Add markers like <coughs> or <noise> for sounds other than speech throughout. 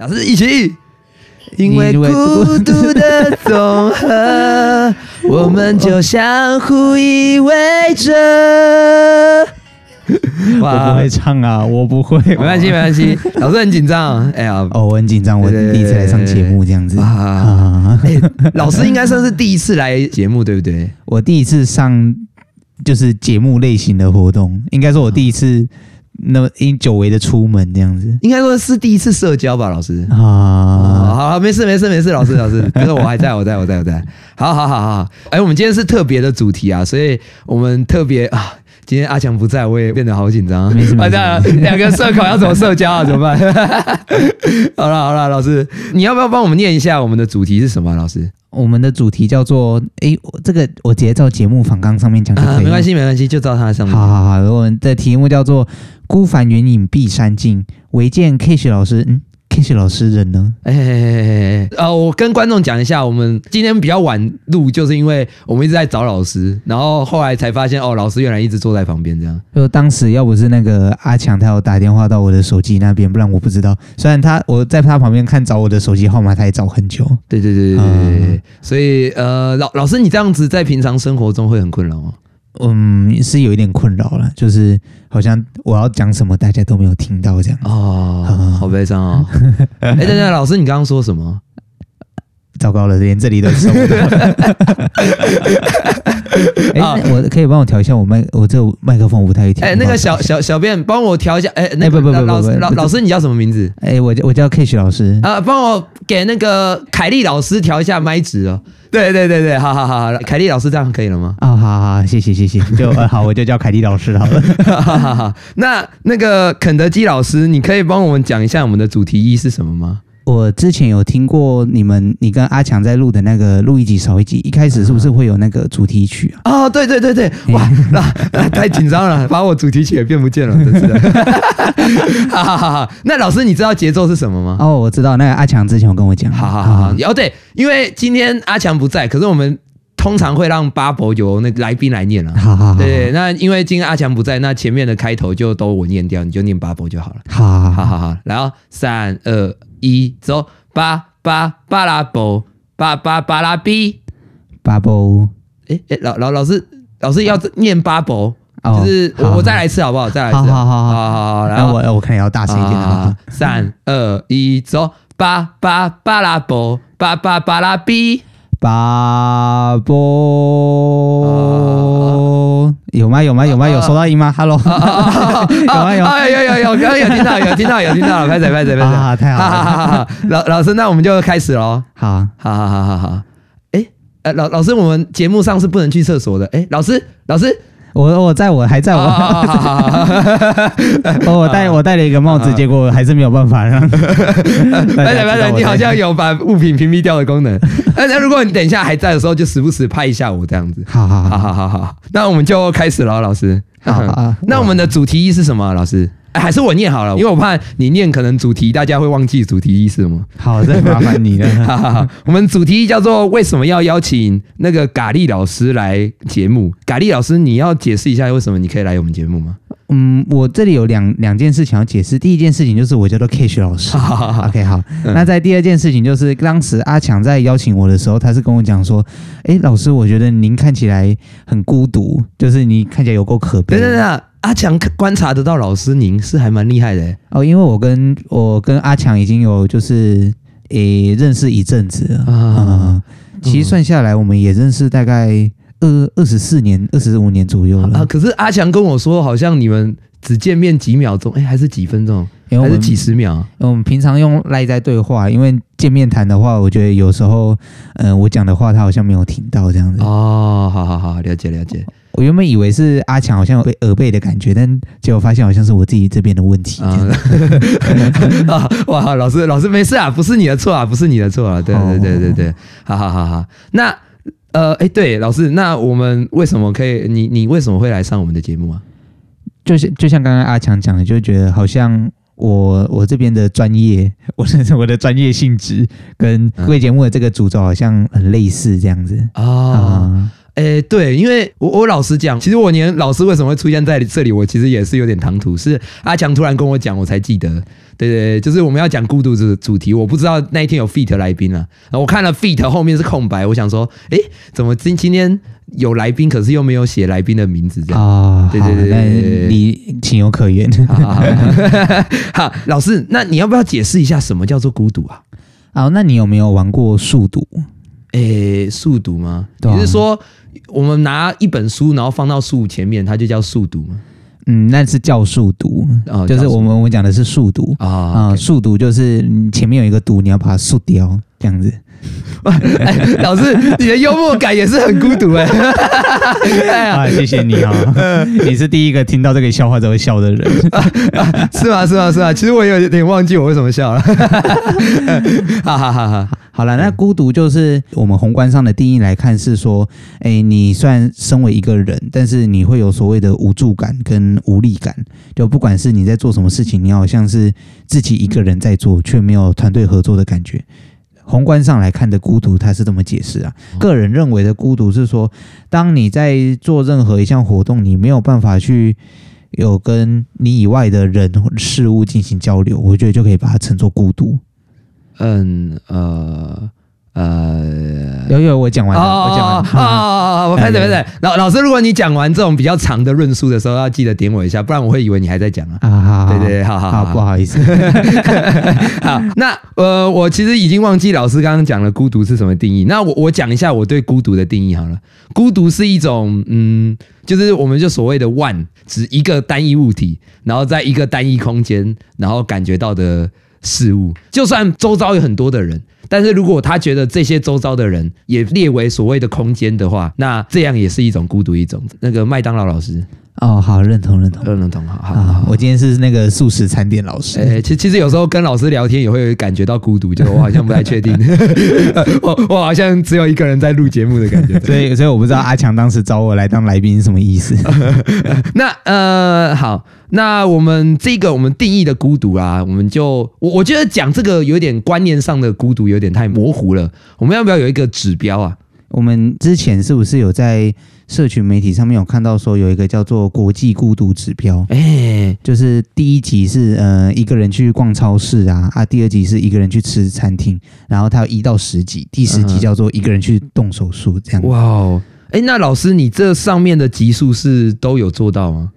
老師，一起。因為孤獨的總和，我們就相互依偎着。哇。我不會唱啊，我不會，沒關係，沒關係。老師很緊張，哎、欸、呀、啊，哦，我很緊張，我第一次來上節目這樣子。啊欸、老師應該算是第一次來節目，對不對？我第一次上就是節目類型的活動，應該說我第一次。那麼因久違的出門這樣子，應該說是第一次社交吧，老師、哦、啊，好,好，沒事沒事沒事，老師老師，是我還在，我在我在，我在，好好好好，哎、欸，我們今天是特別的主題啊，所以我們特別啊，今天阿強不在，我也變得好緊張，不知道兩個社恐要怎麼社交啊，怎麼辦？好了好了，老師，你要不要幫我們念一下我們的主題是什麼、啊？老師，我們的主題叫做，哎、欸，我這個我直接照節目訪綱上面講就可以、啊、沒關係沒關係，就照他上面，好好好，我們的題目叫做。孤帆遠影碧山盡，唯見 Cash 老師。嗯，Cash 老師人呢？哎哎哎哎哎哎！呃，我跟觀眾講一下，我們今天比較晚錄，就是因為我們一直在找老師，然後後來才發現，哦，老師原來一直坐在旁邊。這樣，就當時要不是那個阿強他有打電話到我的手機那邊，不然我不知道。雖然他我在他旁邊看找我的手機號碼，他也找很久。對對對對對。嗯、所以呃，老老師你這樣子在平常生活中會很困擾嗎？嗯，是有一點困擾了，就是好像我要講什麼，大家都沒有聽到這樣。哦，好悲傷哦！哎、 <laughs> 欸，等等，老師，你剛剛說什麼？糟糕了，連這裡都收不到。哎、 <laughs> <laughs> 欸，oh, 我可以幫我調一下我麥，我這麥克風不太聽哎，那個小小小編幫我調一下。哎、欸，哎、那個欸、不不不,不,不,不，老老老師你叫什麼名字？哎、欸，我我叫 Cash 老師。啊，幫我給那個凱利老師調一下麥子哦。對對對對，好好好，凱利老師這樣可以了嗎？啊、oh,，好好謝謝謝謝，就 <laughs> 好，我就叫凱利老師好了。 <laughs> <laughs> <laughs> 那那個肯德基老師，你可以幫我們講一下我們的主題一是什麼嗎？我之前有聽過你們，你跟阿強在錄的那個錄一集少一集，一開始是不是會有那個主題曲啊？哦，對對對對，哇，太緊張了， <laughs> 把我主題曲也變不見了，真是的。 <laughs> <laughs> 那老師，你知道節奏是什麼嗎？哦，我知道，那個阿強之前有跟我講。好好好，哦對，因為今天阿強不在，可是我們通常會讓巴博有那來賓來念了、啊。哈哈對，那因為今天阿強不在，那前面的開頭就都我念掉，你就念巴博就好了。好好好好，好，好，然後三二。3, 2, 一走八八巴拉伯，八八巴、巴、巴拉比，巴伯，哎、欸、哎、欸，老老老師老、老師要念巴伯、啊，就是、哦、我我再來一次好不好？再來一次好，好好好、哦、好好，然後那我我看也要大聲一點，哦、好好三二一走，八、嗯、八巴、巴拉伯，八八巴、巴拉比。把播、啊、有嗎有嗎有嗎有收到音嗎、啊、？Hello，、啊、 <laughs> 有嗎有？哎有，有，有，有聽到，有，剛剛有聽到有聽到有聽到了，拍手拍手拍手！太好了，哈哈哈哈老老師，那我們就開始嘍。好，好好好好好。哎、啊，老老師，我們節目上是不能去廁所的。哎、欸，老師老師。我我在我還在我，oh, bueno <laughs> 好好好 <laughs> 我戴 <laughs> 我戴了一個帽子， <laughs> <laughs> 結果還是沒有辦法讓。來來來，你好像有把物品屏蔽掉的功能。那，嗯、那如果你等一下還在的時候，就時不時拍一下我這樣子。好好好好好好，那我們就開始了，老師。好好，好。 <laughs> <laughs> 那我們的主題一是什麼，老師？哎、還是我念好了，因為我怕你念可能主題大家會忘記主題意思嗎？好的，麻煩你了。 <laughs> 好好好好 <laughs> 我們主題叫做為什麼要邀請那個咖喱老師來節目？咖喱老師，你要解釋一下為什麼你可以來我們節目嗎？嗯，我這裡有兩兩件事情想要解釋。第一件事情就是我叫做 Kash 老師，好好好好。OK，好。嗯、那在第二件事情就是當時阿強在邀請我的時候，他是跟我講說：“哎、欸，老師，我覺得您看起來很孤獨，就是你看起來有夠可悲的。”等等等。阿強觀察得到老師您是還蠻厲害的哦，因為我跟我跟阿強已經有就是誒、欸、認識一陣子了啊、嗯，其實算下來我們也認識大概二二十四年、二十五年左右了啊、啊。可是阿強跟我說，好像你們只見面幾秒鐘，哎、欸，還是幾分鐘、欸，還是幾十秒。我、嗯、們平常用賴在對話，因為見面談的話，我覺得有時候，嗯，我講的話他好像沒有聽到這樣子。哦，好好好，了解了解。哦我原本以為是阿強好像有耳背的感覺，但結果發現好像是我自己這邊的問題啊， <laughs> 啊！哇，老師，老師沒事啊，不是你的錯啊，不是你的錯啊！對對對對對，好對、啊、好好好。那呃，哎，對，老師，那我們為什麼可以？你你為什麼會來上我們的節目啊？就是就像剛剛阿強講的，就覺得好像我我這邊的專業，我的我的專業性質跟各位節目的這個主軸好像很類似這樣子啊。啊誒、欸，對，因為我我老實講，其實我連老師為什麼會出現在這裡，我其實也是有點唐突，是阿強突然跟我講，我才記得。對對、對，就是我們要講孤獨這個主題，我不知道那一天有 Feat 來賓了。我看了 Feat 後面是空白，我想說，誒、欸，怎麼今今天有來賓，可是又沒有寫來賓的名字這樣啊、哦？對對對、對，你情有可原。好， <laughs> 好，老師，那你要不要解釋一下什麼叫做孤獨啊？啊，那你有沒有玩過數獨？誒、欸，數獨嗎？你、啊、是說？我們拿一本書，然後放到書前面，它就叫速讀。嗯，那是叫速讀、哦、就是我們我們講的是速讀啊啊，速讀、哦呃 okay. 就是前面有一個讀，你要把它速掉這樣子 <laughs> 哎。老師，你的幽默感也是很孤獨哎、 <laughs> 啊。謝謝你啊、哦， <laughs> 你是第一個聽到這個笑話就會笑的人、 <laughs> 啊，是嗎？是嗎？是嗎？其實我有點忘記我為什麼笑了。 <laughs> 好好好好好了，那孤獨就是我們宏觀上的定義來看，是說，誒、欸，你雖然身為一個人，但是你會有所謂的無助感跟無力感。就不管是你在做什麼事情，你好像是自己一個人在做，卻沒有團隊合作的感覺。宏觀上來看的孤獨，它是這麼解釋啊。個人認為的孤獨是說，當你在做任何一項活動，你沒有辦法去有跟你以外的人事物進行交流，我覺得就可以把它稱作孤獨。嗯呃呃，有有我講完，我講完啊啊啊！我拍手拍手。老、哦哦 okay, okay, okay, okay. 老師，如果你講完這種比較長的論述的時候，要記得點我一下，不然我會以為你還在講啊。啊，對對，對、啊，好好好，好，好，不好意思。 <laughs> 好，那呃，我其實已經忘記老師剛剛講的孤獨是什麼定義。那我我講一下我對孤獨的定義好了。孤獨是一種嗯，就是我們就所謂的 one，指一個單一物體，然後在一個單一空間，然後感覺到的。事物，就算周遭有很多的人，但是如果他覺得這些周遭的人也列為所謂的空間的話，那這樣也是一種孤獨，一種那個麥當勞老師。哦，好，認同，認同，認同，好，好，哦、我今天是那個素食餐店老師。誒、欸，其其實有時候跟老師聊天也會感覺到孤獨，就是我好像不太確定， <laughs> <laughs> 我我好像只有一個人在錄節目的感覺，所以所以我不知道阿強當時找我來當來賓是什麼意思。 <laughs> 那呃，好，那我們這個我們定義的孤獨啊，我們就我我覺得講這個有點觀念上的孤獨有點太模糊了，我們要不要有一個指標啊？我們之前是不是有在？社群媒體上面有看到說有一個叫做國際孤獨指標，哎、欸，就是第一集是呃一個人去逛超市啊，啊第二集是一個人去吃餐廳，然後他有一到十集，第十集叫做一個人去動手術這樣。嗯、哇哦，哎、欸，那老師你這上面的集數是都有做到嗎？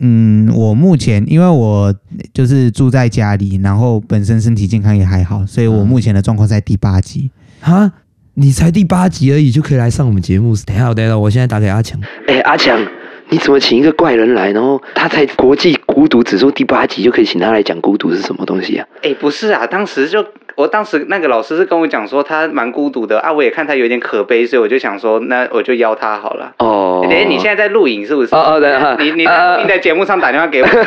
嗯，我目前因為我就是住在家裡，然後本身身體健康也還好，所以我目前的狀況在第八集哈。嗯啊你才第八集而已，就可以來上我們節目，等一下，等一下，我現在打給阿強，哎、欸，阿強。你怎麼請一個怪人來，然後他在國際孤獨指數第八集就可以請他來講孤獨是什麼東西啊？哎，不是啊，當時就我當時那個老師是跟我講說他蠻孤獨的啊，我也看他有點可悲，所以我就想說，那我就邀他好了。哦，等下，你現在在錄影是不是？哦哦，對啊，你你、啊、你在節目上打電話給我，好、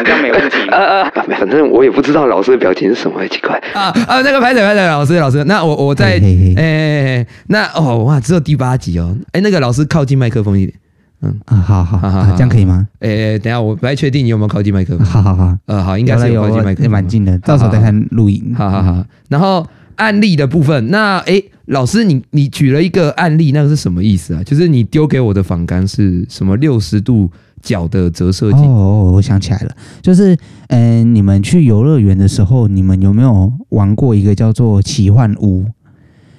啊、像沒問題。啊反正我也不知道老師的表情是什麼奇怪啊啊，那個拍謝拍謝，老師老師，那我我在哎、欸、那哦哇，只有第八集哦，哎、欸、那個老師靠近麥克風一點。嗯、啊，好好好、啊，這樣可以嗎？誒、欸欸，等一下我不太確定你有沒有靠近麥克哈好好，好呃，好，應該是有靠近麥克，蠻近的、欸。到時候再看錄影、啊好好嗯。好好好。然後案例的部分，那誒、欸，老師你你舉了一個案例，那個是什麼意思啊？就是你丟給我的防肛是什麼六十度角的折射鏡？哦、oh, oh,，oh, oh, 我想起來了，就是嗯、呃，你們去遊樂園的時候，你們有沒有玩過一個叫做奇幻屋？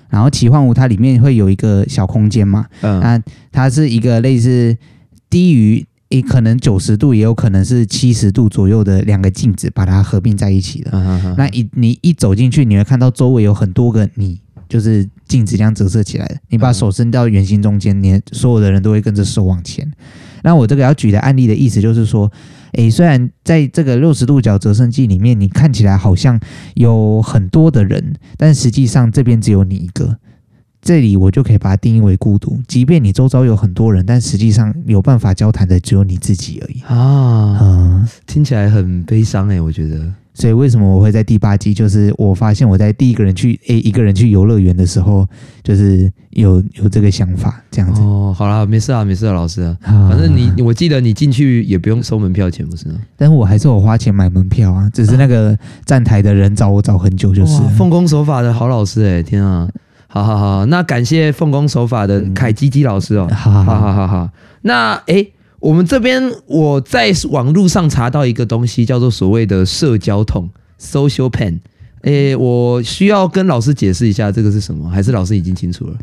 然後奇幻屋它裡面會有一個小空間嘛，嗯，它是一個類似低於也可能九十度，也有可能是七十度左右的兩個鏡子，把它合併在一起的。嗯、哼哼。那一你一走進去，你會看到周圍有很多個你，就是鏡子這樣折射起來的。你把手伸到圓形中間，連所有的人都會跟着手往前。那我這個要舉的案例的意思就是說，誒、欸，雖然在這個六十度角折射鏡裡面，你看起來好像有很多的人，但實際上這邊只有你一個。這裡我就可以把它定義為孤獨，即便你周遭有很多人，但實際上有辦法交談的只有你自己而已啊、嗯！聽起來很悲傷誒、欸，我覺得。所以為什麼我會在第八集，就是我發現我在第一個人去誒、欸，一個人去遊樂園的時候，就是有有這個想法這樣子哦。好了，沒事啊，沒事，啊，老師、啊啊。反正你我記得你進去也不用收門票錢，不是？但是我還是有花錢買門票啊，只是那個站台的人找我找很久，就是了奉公守法的好老師哎、欸，天啊！好好好，那感謝奉公守法的凱基基老師哦。嗯、好好好，好好好，那哎、欸，我們這邊我在網絡上查到一個東西，叫做所謂的社交痛 （social pain）。哎、欸，我需要跟老師解釋一下這個是什麼，還是老師已經清楚了？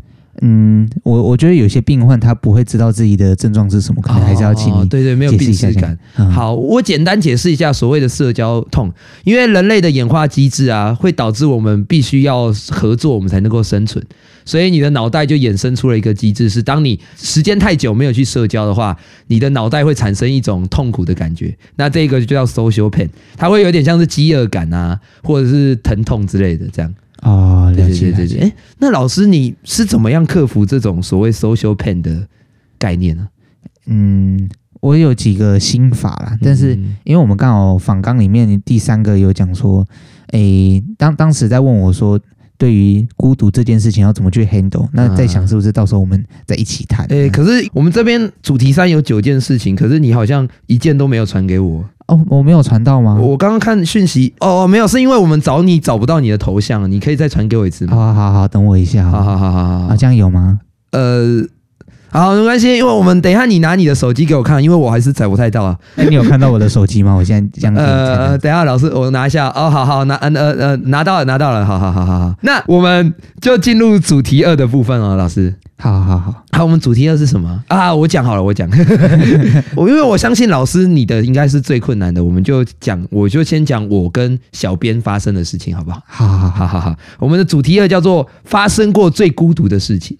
嗯，我我覺得有些病患他不會知道自己的症狀是什麼，可能、哦、還是要請、哦哦、對對，沒有病識感、嗯。好，我簡單解釋一下所謂的社交痛，因為人類的演化機制啊，會導致我們必須要合作，我們才能夠生存。所以你的腦袋就衍生出了一個機制，是當你時間太久沒有去社交的話，你的腦袋會產生一種痛苦的感覺。那這個就叫 social pain，它會有點像是飢餓感啊，或者是疼痛之類的這樣。哦，了解了解。欸，那老師你是怎麼樣克服這種所謂 social pain 的概念呢？嗯，我有幾個心法啦，但是因為我們剛好訪綱裡面第三個有講說，欸，當當時在問我說。對於孤獨這件事情要怎麼去 handle？那在想是不是到時候我們再一起談？哎、嗯欸嗯，可是我們這邊主題上有九件事情，可是你好像一件都沒有傳給我哦，我沒有傳到嗎？我剛剛看訊息。哦哦沒有，是因為我們找你找不到你的頭像，你可以再傳給我一次嗎？好、哦、好好，等我一下。好好，好好好，好像有嗎？呃。好，沒關係，因為我們等一下你拿你的手機給我看，因為我還是找不太到啊。那、欸、你有看到我的手機嗎？我現在講。樣。 <laughs> 呃，等一下，老師，我拿一下。哦，好好拿，呃，呃，拿到了，拿到了，好好好好好。那我們就進入主題二的部分哦，老師。好好好，好，我們主題二是什麼啊？我講好了，我講。我 <laughs> 因為我相信老師你的應該是最困難的，我們就講，我就先講我跟小編發生的事情，好不好？好好好，好好好。我們的主題二叫做發生過最孤獨的事情。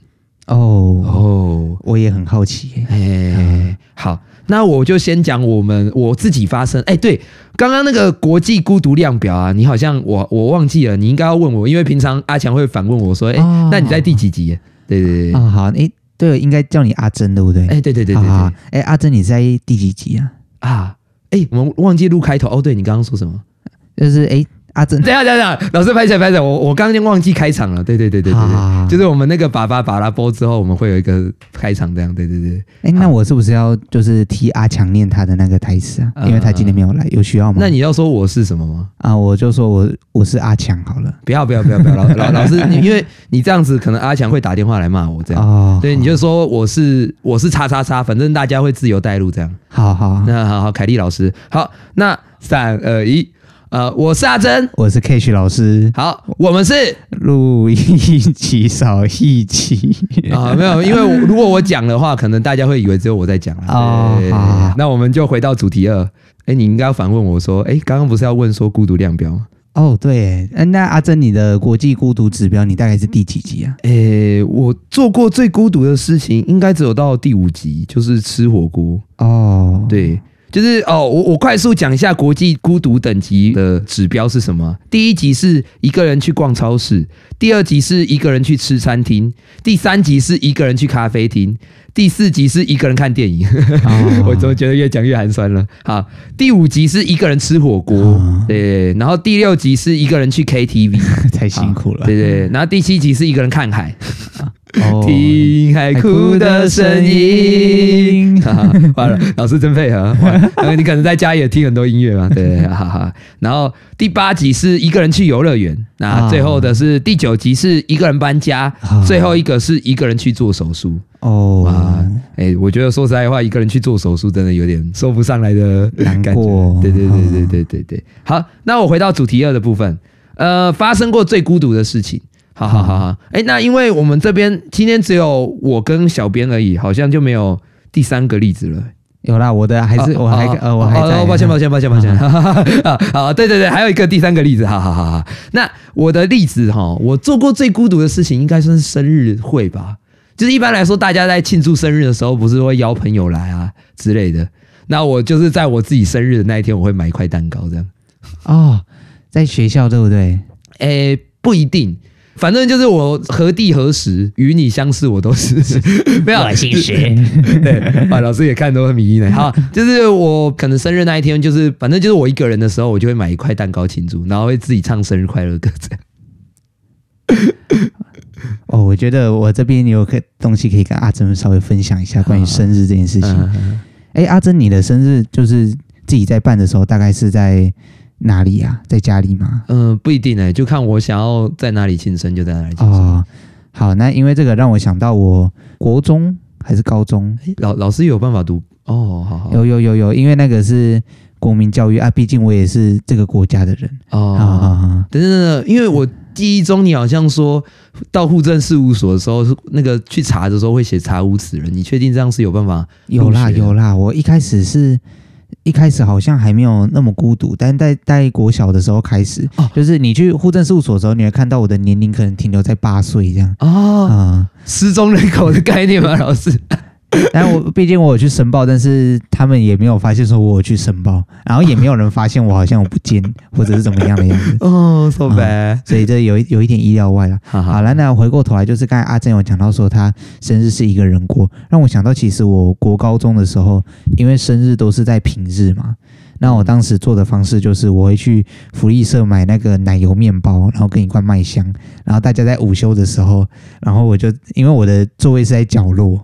哦哦，我也很好奇誒、欸欸。好，那我就先講我們我自己發聲。哎、欸，對，剛剛那個國際孤獨量表啊，你好像我我忘記了，你應該要問我，因為平常阿強會反問我說，哎、欸，oh, 那你在第幾集對對、欸？對對對，啊好，哎，對，應該叫你阿珍對不對？哎，對對對對對，哎、oh, oh, 欸，阿珍你在第幾集啊？啊，哎、欸，我們忘記錄開頭哦。對，你剛剛說什麼？就是哎。欸阿正，等下等下老師拍一下，拍一下。我我剛剛忘記開場了，對對對對對，就是我們那個把巴把，把，把拉播之後，我們會有一個開場這樣，對對對，哎、欸，那我是不是要就是替阿強念他的那個台詞啊？因為他今天沒有來、嗯，有需要嗎？那你要說我是什麼嗎？啊，我就說我我是阿強好了，不要不要不要不要老老老師，因為你這樣子可能阿強會打電話來罵我這樣，對，你就說我是我是叉叉叉，反正大家會自由帶入這樣，好好，好，那好好，凱麗老師好，那三二一。呃，我是阿珍，我是 Kash 老師。好，我們是錄一集少一集啊、哦，沒有，因為如果我講的話，可能大家會以為只有我在講啊、哦。哦、那我們就回到主題二。哎，你應該要反問我說，哎，剛剛不是要問說孤獨量表嗎？哦，對。哎，那阿珍，你的國際孤獨指標，你大概是第幾級啊？哎，我做過最孤獨的事情，應該只有到第五級，就是吃火鍋。哦，對。就是哦，我我快速講一下國際孤獨等級的指標是什麼？第一級是一個人去逛超市，第二級是一個人去吃餐廳，第三級是一個人去咖啡廳，第四級是一個人看電影。 <laughs> 我怎麼覺得越講越寒酸了？好，第五級是一個人吃火鍋，對，對，對，然後第六級是一個人去 KTV，太辛苦了。對對，對，然後第七級是一個人看海。Oh, 聽海哭的聲音，哈哈。完了，老師真配合。 <laughs> 你可能在家也聽很多音樂嘛？對，哈哈。然後第八集是一個人去遊樂園，那最後的是第九集是一個人搬家，oh. 最後一個是一個人去做手術。哦、oh. 嗯，哎、欸，我覺得說實在話，一個人去做手術真的有點說不上來的難過。感覺，對，對，對，對，對，對，對，對，對，對，對，對。好，那我回到主題二的部分，呃，發生過最孤獨的事情。好好好好，哎、嗯欸，那因為我們這邊今天只有我跟小編而已，好像就沒有第三個例子了。有啦，我的還是、哦、我還呃、哦哦哦、我還在、哦，抱歉抱歉抱歉抱歉啊、嗯嗯！好，對對對，還有一個第三個例子，好好好好。那我的例子哈，我做過最孤獨的事情應該算是生日會吧？就是一般來說，大家在慶祝生日的時候，不是會邀朋友來啊之類的。那我就是在我自己生日的那一天，我會買一塊蛋糕這樣。哦，在學校對不對？哎、欸，不一定。反正就是我何地何時與你相識，我都是不要了。心 <laughs> 實，謝謝 <laughs> 對老師也看得很迷呢。好，就是我可能生日那一天，就是反正就是我一個人的時候，我就會買一塊蛋糕慶祝，然後會自己唱生日快樂歌。這樣哦，我覺得我這邊有個東西可以跟阿珍稍微分享一下關於生日這件事情。哎、嗯嗯嗯欸，阿珍，你的生日就是自己在辦的時候，大概是在。哪裡呀？啊？在家裡嗎？嗯、呃，不一定哎、欸，就看我想要在哪裡慶生，就在哪裡慶生哦，好，那因為這個讓我想到，我國中還是高中、欸、老老師有辦法讀哦，好好，好有有有有，因為那個是國民教育啊，畢竟我也是這個國家的人哦，啊、哦、啊！但、哦、是、嗯、因為我記憶中，你好像說到戶政事務所的時候，那個去查的時候會寫查無此人，你確定這樣是有辦法？有啦有啦，我一開始是。一開始好像還沒有那麼孤獨，但在待、待國小的時候開始，哦、就是你去戶政事務所的時候，你會看到我的年齡可能停留在八歲這樣啊、哦呃，失蹤人口的概念嗎？ <laughs> 老師？但我畢竟我有去申報，但是他們也沒有發現說我有去申報，然後也沒有人發現我好像我不見或者是怎麼樣的樣子哦，說、oh, 唄、so 嗯，所以這有一有一點意料外了。好了，那回過頭來，就是剛才阿珍有講到說他生日是一個人過，讓我想到其實我國高中的時候，因為生日都是在平日嘛，那我當時做的方式就是我會去福利社買那個奶油麵包，然後跟一塊麥香，然後大家在午休的時候，然後我就因為我的座位是在角落。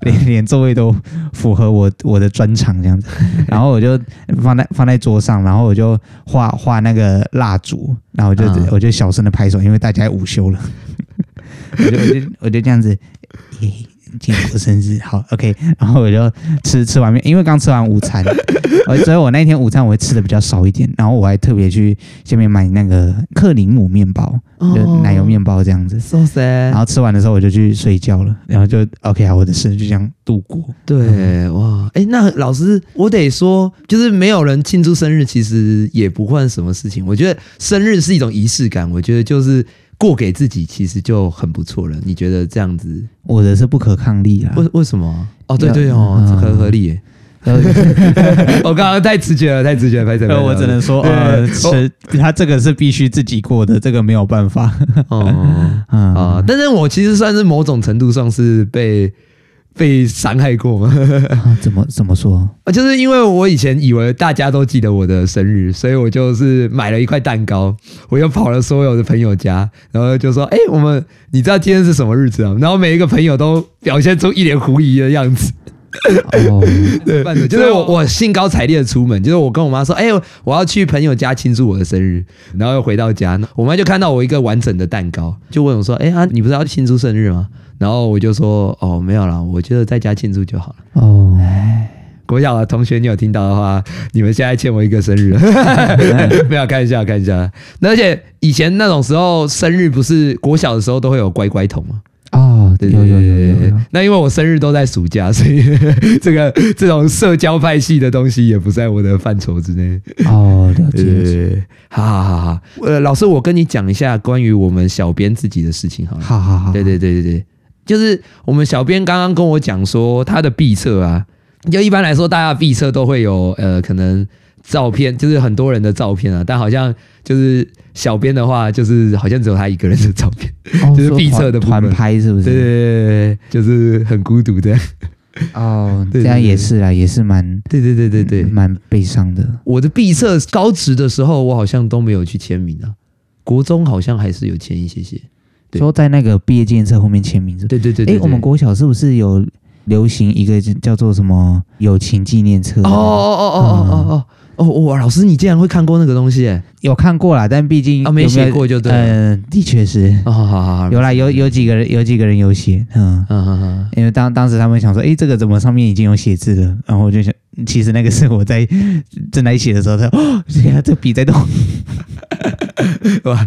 連連座位都符合我我的專長這樣子，然後我就放在放在桌上，然後我就畫畫那個蠟燭，然後我就、嗯、我就小聲的拍手，因為大家午休了， <laughs> 我就我就我就這樣子。欸慶祝生日，好，OK，然後我就吃吃完麵，因為剛吃完午餐，所以我那天午餐我會吃的比較少一點，然後我還特別去下面買那個克林姆麵包，就奶油麵包這樣子，哦、然後吃完的時候我就去睡覺了，然後就 OK，好，我的生日就這樣度過。對，嗯、哇，哎，那老師，我得說，就是沒有人慶祝生日，其實也不算什麼事情。我覺得生日是一種儀式感，我覺得就是。過給自己其實就很不錯了，你覺得這樣子？我的是不可抗力啊，為為什麼？哦，對對哦，合合理耶。嗯、 <laughs> <laughs> 我剛剛太直覺了，太直覺， <laughs> 我只能說，啊，是、呃，他這個是必須自己過的，這個沒有辦法。 <laughs> 哦，啊、哦 <laughs> 嗯哦，但是我其實算是某種程度上是被。被傷害過嗎、？ <laughs> 啊，怎麼怎麼說？啊，就是因為我以前以為大家都記得我的生日，所以我就是買了一塊蛋糕，我又跑了所有的朋友家，然後就說：“哎、欸，我們你知道今天是什麼日子啊？”然後每一個朋友都表現出一臉狐疑的樣子。哦， <laughs> 對、對，就是我我興高采烈的出門，就是我跟我媽說：“哎，我要去朋友家慶祝我的生日。”然後又回到家，我媽就看到我一個完整的蛋糕，就問我說：“哎、欸、啊，你不是要慶祝生日嗎？”然後我就說哦，沒有啦，我覺得在家慶祝就好了。哦，哎，國小的同學，你有聽到的話，你們現在欠我一個生日了，不要看一下看一下，看一下那，而且以前那種時候，生日不是國小的時候都會有乖乖桶嗎？哦，對對對對。那因為我生日都在暑假，所以 <laughs> 這個這種社交派系的東西也不在我的範疇之內。哦，了解解，呃，好好好好。呃，老師，我跟你講一下關於我們小編自己的事情，好。好好好，對對對對對。就是我們小編剛剛跟我講說，他的畢冊啊，就一般來說大家畢冊都會有呃，可能照片，就是很多人的照片啊，但好像就是小編的話，就是好像只有他一個人的照片，哦、就是畢冊的、哦、團、團拍是不是？對、對、對、對，就是很孤獨的。哦對對對對，這樣也是啦，也是蠻對對對對對、對、嗯，蠻悲傷的。我的畢冊高職的時候，我好像都沒有去簽名啊，國中好像還是有簽一些些，說在那個畢業紀念冊後面簽名字。對對對。誒，我們國小是不是有流行一個叫做什麼友情紀念冊？哦哦哦哦哦哦哦哦！哇，老師你竟然會看過那個東西，欸？有看過啦，但畢竟有沒有啊沒寫過就對。嗯，的確是。好好好，好。有啦，有有幾個人有幾個人有寫。嗯嗯嗯。因為當當時他們想說，誒，這個怎麼上面已經有寫字了？然後我就想。其實那個是我在 <laughs> 正在寫的時候他，說哦，對啊，這筆在動 <laughs> 哇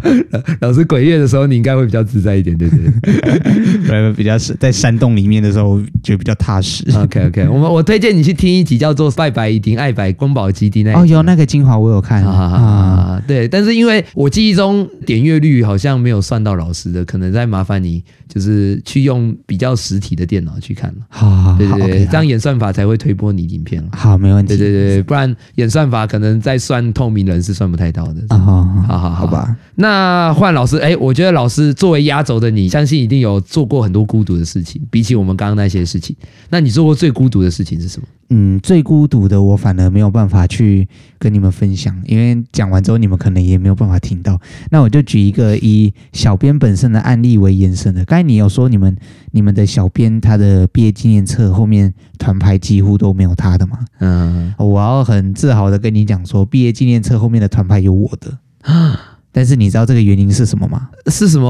老，老師鬼月的時候，你應該會比較自在一點，對不對？ <laughs> 比較在山洞裡面的時候，覺得比較踏實。OK，OK，、okay, okay, 我們我推薦你去聽一集叫做《拜拜一丁愛白光寶基地》那哦，有那個精華我有看啊，啊，對，但是因為我記憶中點閱率好像沒有算到老師的，可能再麻煩你。就是去用比較實體的電腦去看，好，好，對對對，這樣演算法才會推播你影片。好，沒問題，對對對，不然演算法可能在算透明人是算不太到的。啊、好好，好好，好吧。那換老師，哎、欸，我覺得老師作為壓軸的你，相信一定有做過很多孤獨的事情，比起我們剛剛那些事情，那你做過最孤獨的事情是什麼？嗯，最孤獨的我反而沒有辦法去跟你們分享，因為講完之後你們可能也沒有辦法聽到。那我就舉一個以小編本身的案例為延伸的，你有說你們、你們的小編他的畢業紀念冊後面團拍幾乎都沒有他的嘛？嗯，我要很自豪的跟你講說，畢業紀念冊後面的團拍有我的啊。但是你知道這個原因是什麼嗎？是什麼？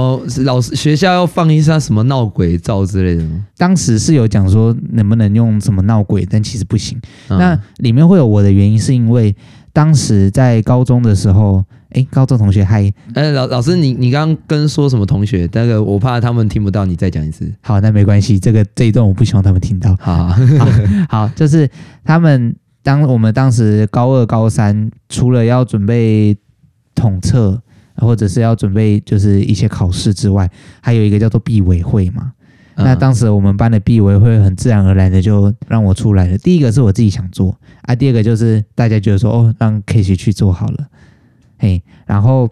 老師，學校要放一下什麼鬧鬼照之類的嗎？當時是有講說能不能用什麼鬧鬼，但其實不行。那裡面會有我的原因，是因為當時在高中的時候。哎、欸，高中同學嗨！哎、老、欸、老師，你你剛跟說什麼同學？那個我怕他們聽不到，你再講一次。好，那沒關係，這個這一段我不希望他們聽到。好好 <laughs> 好，就是他們當我們當時高二、高三，除了要準備統測或者是要準備就是一些考試之外，還有一個叫做閉委會嘛。那當時我們班的閉委會很自然而然的就讓我出來了。第一個是我自己想做啊，第二個就是大家覺得說哦，讓 K 七去做好了。哎，然後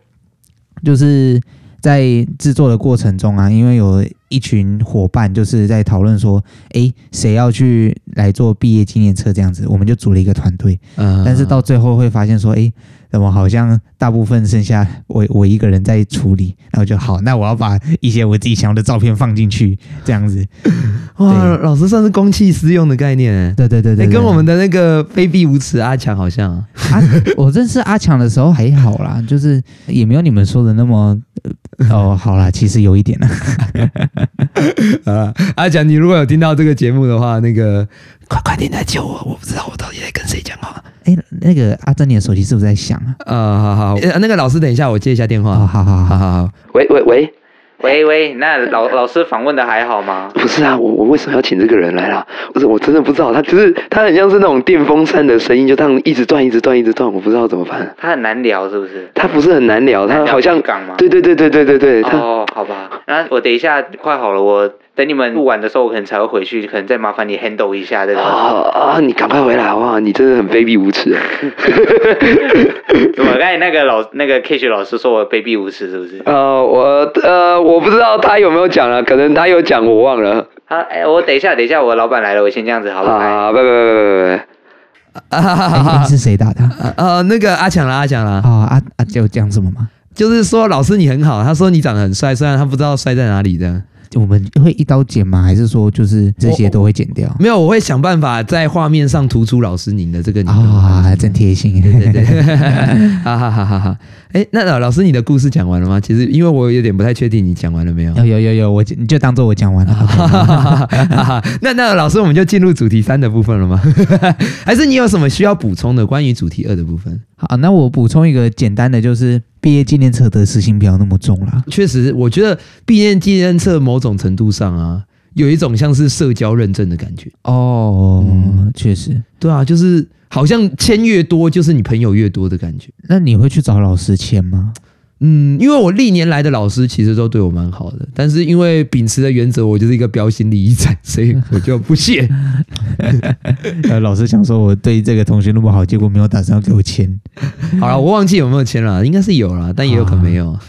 就是在製作的過程中啊，因為有一群夥伴就是在討論說，哎，誰要去來做畢業紀念冊這樣子，我們就組了一個團隊。嗯，但是到最後會發現說，哎。怎麼好像大部分剩下我，我一個人在處理？然後就好，那我要把一些我自己想要的照片放進去，這樣子。哇，老師算是公器私用的概念。對對對，對，對，對、欸、跟我們的那個卑鄙無恥阿強好像啊。啊 <laughs> 我認識阿強的時候還好啦，就是也沒有你們說的那麼、呃、哦，好啦，其實有一點啊。 <laughs> 啊， <laughs> 阿蔣，你如果有聽到這個節目的話，那個快快點來救我！我不知道我到底在跟誰講話。哎、欸，那個阿珍，你的手機是不是在響啊？啊、呃，好好，那個老師，等一下我接一下電話。哦、好好好，好好好，喂喂喂。喂喂，那老老師訪問的還好嗎？不是啊，我我為什麼要請這個人來啦？不是，我真的不知道，他就是他很像是那種電風扇的聲音，就當一直轉，一直轉，一直轉，我不知道怎麼辦。他很難聊，是不是？他不是很難聊，嗯、他好像、嗯、對對對對對對對他。哦，好吧，那我等一下快好了我。等你們錄完的時候，我可能才會回去，可能再麻煩你 handle 一下，這個，對、oh, oh, 啊，你趕快回來好？你真的很卑鄙無恥！啊！怎 <laughs> 剛 <laughs> <laughs> 才那個老那個 Cash 老師說我卑鄙無恥，是不是？Oh, 我呃，我不知道他有沒有講了，可能他有講，我忘了，啊欸。我等一下，等一下，我老板來了，我先這樣子，好不、oh, 啊欸？啊！拜拜拜拜拜拜！啊哈哈！是誰打的？呃，那個阿強了，阿強了。哦、啊，阿阿強講什麼嗎？就是說老師你很好，他說你長得很帥，雖然他不知道帥在哪裡的。我們會一刀剪嗎？還是說就是這些都會剪掉？沒、哦、有，我會想辦法在畫面上突出老師您的這個。啊、哦哦哦哦哦哦，真貼心。對對對。哈哈哈哈哈哎，那老師，你的故事講完了嗎？其實因為我有點不太確定你講完了沒有。有有有有，我你就當做我講完了。哦、好好好 <laughs> 好好好那那老師，我們就進入主題三的部分了嗎？ <laughs> 還是你有什麼需要補充的關於主題二的部分？啊，那我補充一個簡單的，就是畢業紀念冊的得失心不要那麼重啦。確實，我覺得畢業紀念冊某種程度上啊，有一種像是社交認證的感覺。哦，嗯、確實，對啊，就是好像簽越多，就是你朋友越多的感覺。那你會去找老師簽嗎？嗯，因為我歷年來的老師其實都對我蠻好的，但是因為秉持的原則，我就是一個標新立異，所以我就不屑。呃， <laughs> 老師想說我對這個同學那麼好，結果沒有打算給我簽。好了，我忘記有沒有簽了，應該是有了，但也有可能沒有。啊、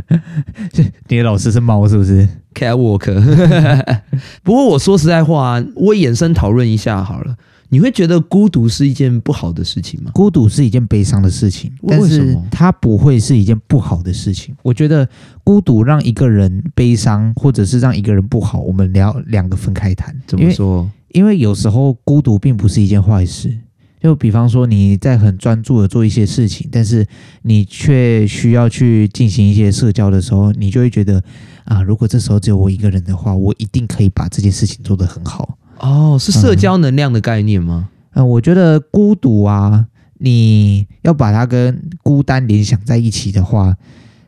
<laughs> 你的老師是貓是不是？Catwalk。Catwalk、 <laughs> 不過我說實在話，我延伸討論一下好了。你會覺得孤獨是一件不好的事情嗎？孤獨是一件悲傷的事情，為什麼？但是它不會是一件不好的事情。我覺得孤獨讓一個人悲傷，或者是讓一個人不好，我們聊兩個分開談。怎麼說？因為,因為有時候孤獨並不是一件壞事。就比方說你在很專注的做一些事情，但是你卻需要去進行一些社交的時候，你就會覺得啊，如果這時候只有我一個人的話，我一定可以把這件事情做得很好。哦，是社交能量的概念嗎？呃、嗯嗯，我覺得孤獨啊，你要把它跟孤單聯想在一起的話，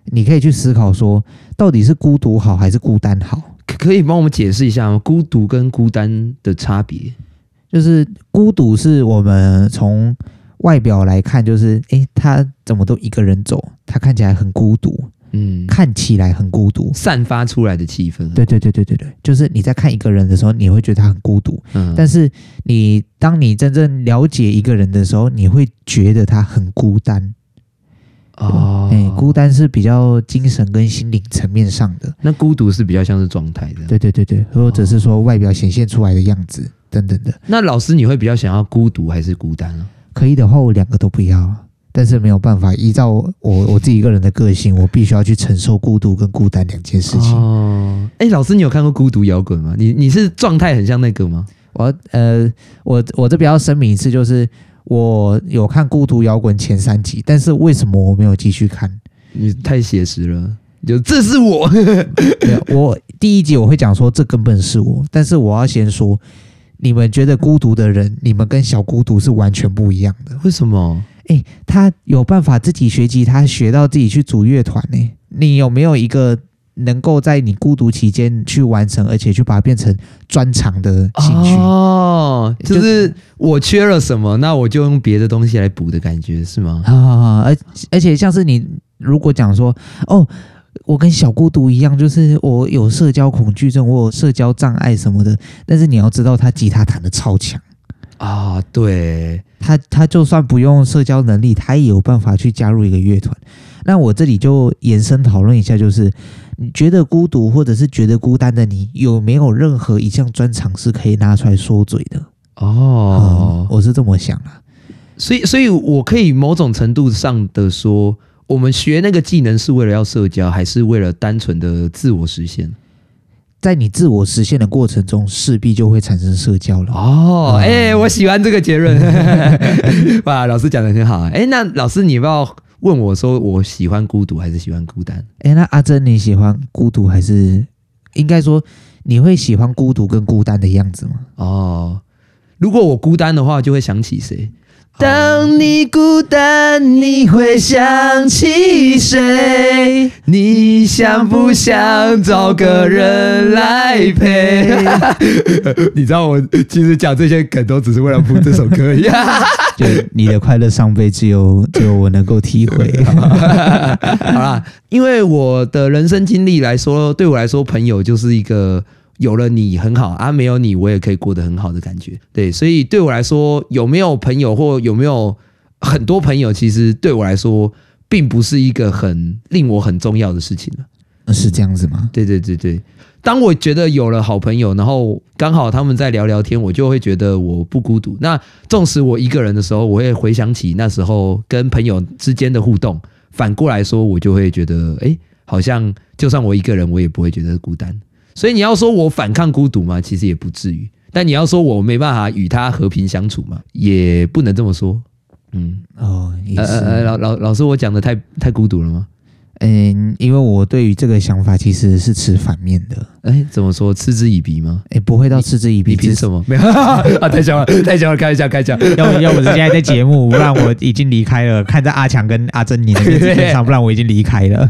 你可以去思考說，到底是孤獨好還是孤單好？可以，可以幫我們解釋一下嗎？孤獨跟孤單的差別，就是孤獨是我們從外表來看，就是誒，他怎麼都一個人走，他看起來很孤獨。嗯，看起來很孤獨，散發出來的氣氛。對對對對對對，就是你在看一個人的時候，你會覺得他很孤獨。嗯，但是你當你真正了解一個人的時候，你會覺得他很孤單。哦、欸，孤單是比較精神跟心靈層面上的，那孤獨是比較像是狀態的。對對對對，或者是說外表顯現出來的樣子、哦、等等的。那老師，你會比較想要孤獨還是孤單？可以的話，我兩個都不要。但是沒有辦法，依照我我自己一個人的個性，我必須要去承受孤獨跟孤單兩件事情。哦，哎、欸，老師，你有看過《孤獨搖滾》嗎？你你是狀態很像那個嗎？我要呃，我我這邊要聲明一次，就是我有看《孤獨搖滾》前三集，但是為什麼我沒有繼續看？你太寫實了，你就這是我。 <laughs> 我第一集我會講說，這根本是我。但是我要先說，你們覺得孤獨的人，你們跟小孤獨是完全不一樣的。為什麼？哎、欸，他有辦法自己學吉他，學到自己去組樂團欸。你有沒有一個能夠在你孤獨期間去完成，而且去把它變成專長的興趣？哦，就是我缺了什麼，那我就用別的東西來補的感覺，是嗎？啊，而而且像是你，如果講說哦，我跟小孤獨一樣，就是我有社交恐懼症，我有社交障礙什麼的，但是你要知道，他吉他彈得超強啊、哦，對。他他就算不用社交能力，他也有辦法去加入一個樂團。那我這裡就延伸討論一下，就是你覺得孤獨或者是覺得孤單的你，有沒有任何一項專長是可以拿出來說嘴的？哦、嗯，我是這麼想啊。所以，所以我可以某種程度上的說，我們學那個技能是為了要社交，還是為了單純的自我實現？在你自我實現的過程中，勢必就會產生社交了。哦，哎、欸嗯，我喜歡這個結論。 <laughs> 哇，老師講得很好、欸。哎、欸，那老師，你不要問我說，我喜歡孤獨還是喜歡孤單？哎、欸，那阿珍，你喜歡孤獨還是應該說你會喜歡孤獨跟孤單的樣子嗎？哦，如果我孤單的話，就會想起誰？當你孤單，你會想起誰？你想不想找個人來陪？ <laughs> 你知道我其實講這些梗，都只是為了鋪這首歌。 <laughs> 就你的快樂，傷悲，只有，只有我能夠體會。好, <laughs> 好啦，因為我的人生經歷來說，對我來說，朋友就是一個。有了你很好啊，沒有你我也可以過得很好的感覺。對，所以對我來說，有沒有朋友或有沒有很多朋友，其實對我來說並不是一個很令我很重要的事情了。是這樣子嗎？嗯，對對對對，當我覺得有了好朋友，然後剛好他們在聊聊天，我就會覺得我不孤獨。那縱使我一個人的時候，我會回想起那時候跟朋友之間的互動。反過來說，我就會覺得，哎，好像就算我一個人，我也不會覺得孤單。所以你要說我反抗孤獨嗎？其實也不至於。但你要說我沒辦法與他和平相處嗎？也不能這麼說。嗯，哦，也呃，呃，老老老師，我講的太太孤獨了嗎？嗯，因為我對於這個想法其實是持反面的。哎，怎麼說？嗤之以鼻嗎？哎，不會到嗤之以鼻。是什麼？沒有哈哈啊，太強了，太強了！開玩笑，開玩笑。要不要不？你現在在節目，不然我已經離開了。看在阿強跟阿珍你的面子上，不然我已經離開了。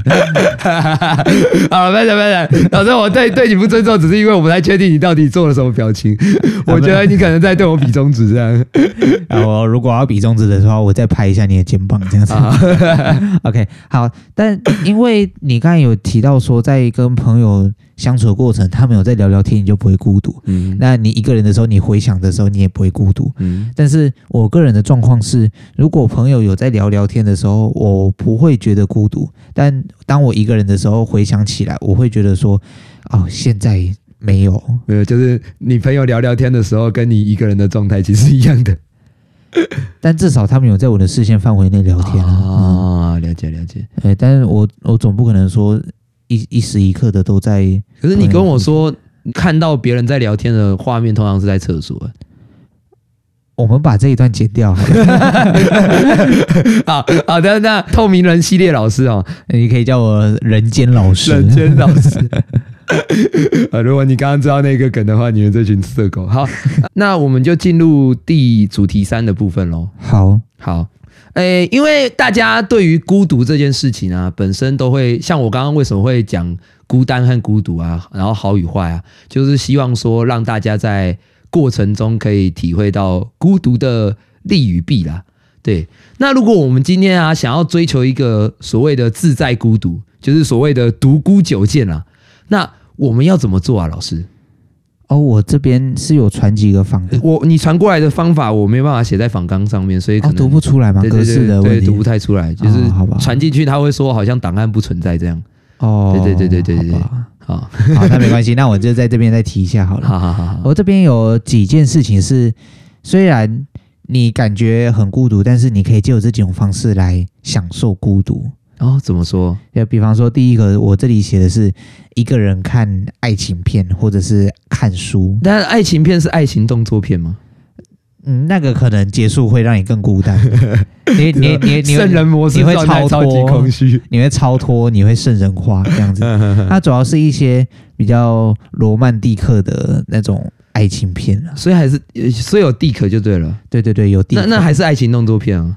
<laughs> 好了，沒事沒事。老師，我對對你不尊重，只是因為我不太確定你到底做了什麼表情，啊。我覺得你可能在對我比中指這樣。啊，我如果要比中指的話，我再拍一下你的肩膀這樣子。OK，好。但因為你剛才有提到說，在跟朋友相處過。過程，他們有在聊聊天，你就不會孤獨。嗯，那你一個人的時候，你回想的時候，你也不會孤獨。嗯，但是我個人的狀況是，如果朋友有在聊聊天的時候，我不會覺得孤獨。但當我一個人的時候，回想起來，我會覺得說，哦，現在沒有，沒有，就是你朋友聊聊天的時候，跟你一個人的狀態其實是一樣的。 <laughs> 但至少他們有在我的視線範圍內聊天啊，哦，了解，了解。哎、欸，但是我我總不可能說。一一時一刻的都在，可是你跟我說，嗯、看到別人在聊天的畫面，通常是在廁所。我們把這一段剪掉 <laughs> <laughs> 好。好好的，那透明人系列老師哦，你可以叫我人間老師。人間老師， <laughs> 如果你剛剛知道那個梗的話，你們這群色狗。好，那我們就進入第主題三的部分嘍。好好。誒、欸，因為大家對於孤獨這件事情啊，本身都會像我剛剛為什麼會講孤單和孤獨啊，然後好與壞啊，就是希望說讓大家在過程中可以體會到孤獨的利與弊啦。對，那如果我們今天啊想要追求一個所謂的自在孤獨，就是所謂的獨孤九劍啊，那我們要怎麼做啊，老師？哦，我這邊是有傳幾個方，我你傳過來的方法，我沒辦法寫在訪綱上面，所以、哦、讀不出來嘛，格式的問題，對，讀不太出來，哦、就是好吧。傳進去他會說好像檔案不存在這樣。哦，對對對對對對，好， <laughs> 好，那沒關係，那我就在這邊再提一下好了。 <laughs> 好，好，好我這邊有幾件事情是，雖然你感覺很孤獨，但是你可以借由這幾種方式來享受孤獨。哦，怎麼說？要比方說，第一個我這裡寫的是一個人看愛情片或者是看書，但愛情片是愛情動作片嗎？嗯，那個可能結束會讓你更孤單。 <laughs> 你你你你聖 <laughs> 人模式，你會超脫， <laughs> 你會超脫，你會聖人化這樣子。它 <laughs> 主要是一些比較羅曼蒂克的那種愛情片 <laughs> 所以還是所以有地可就對了。對對對,對，有地可。那那還是愛情動作片啊。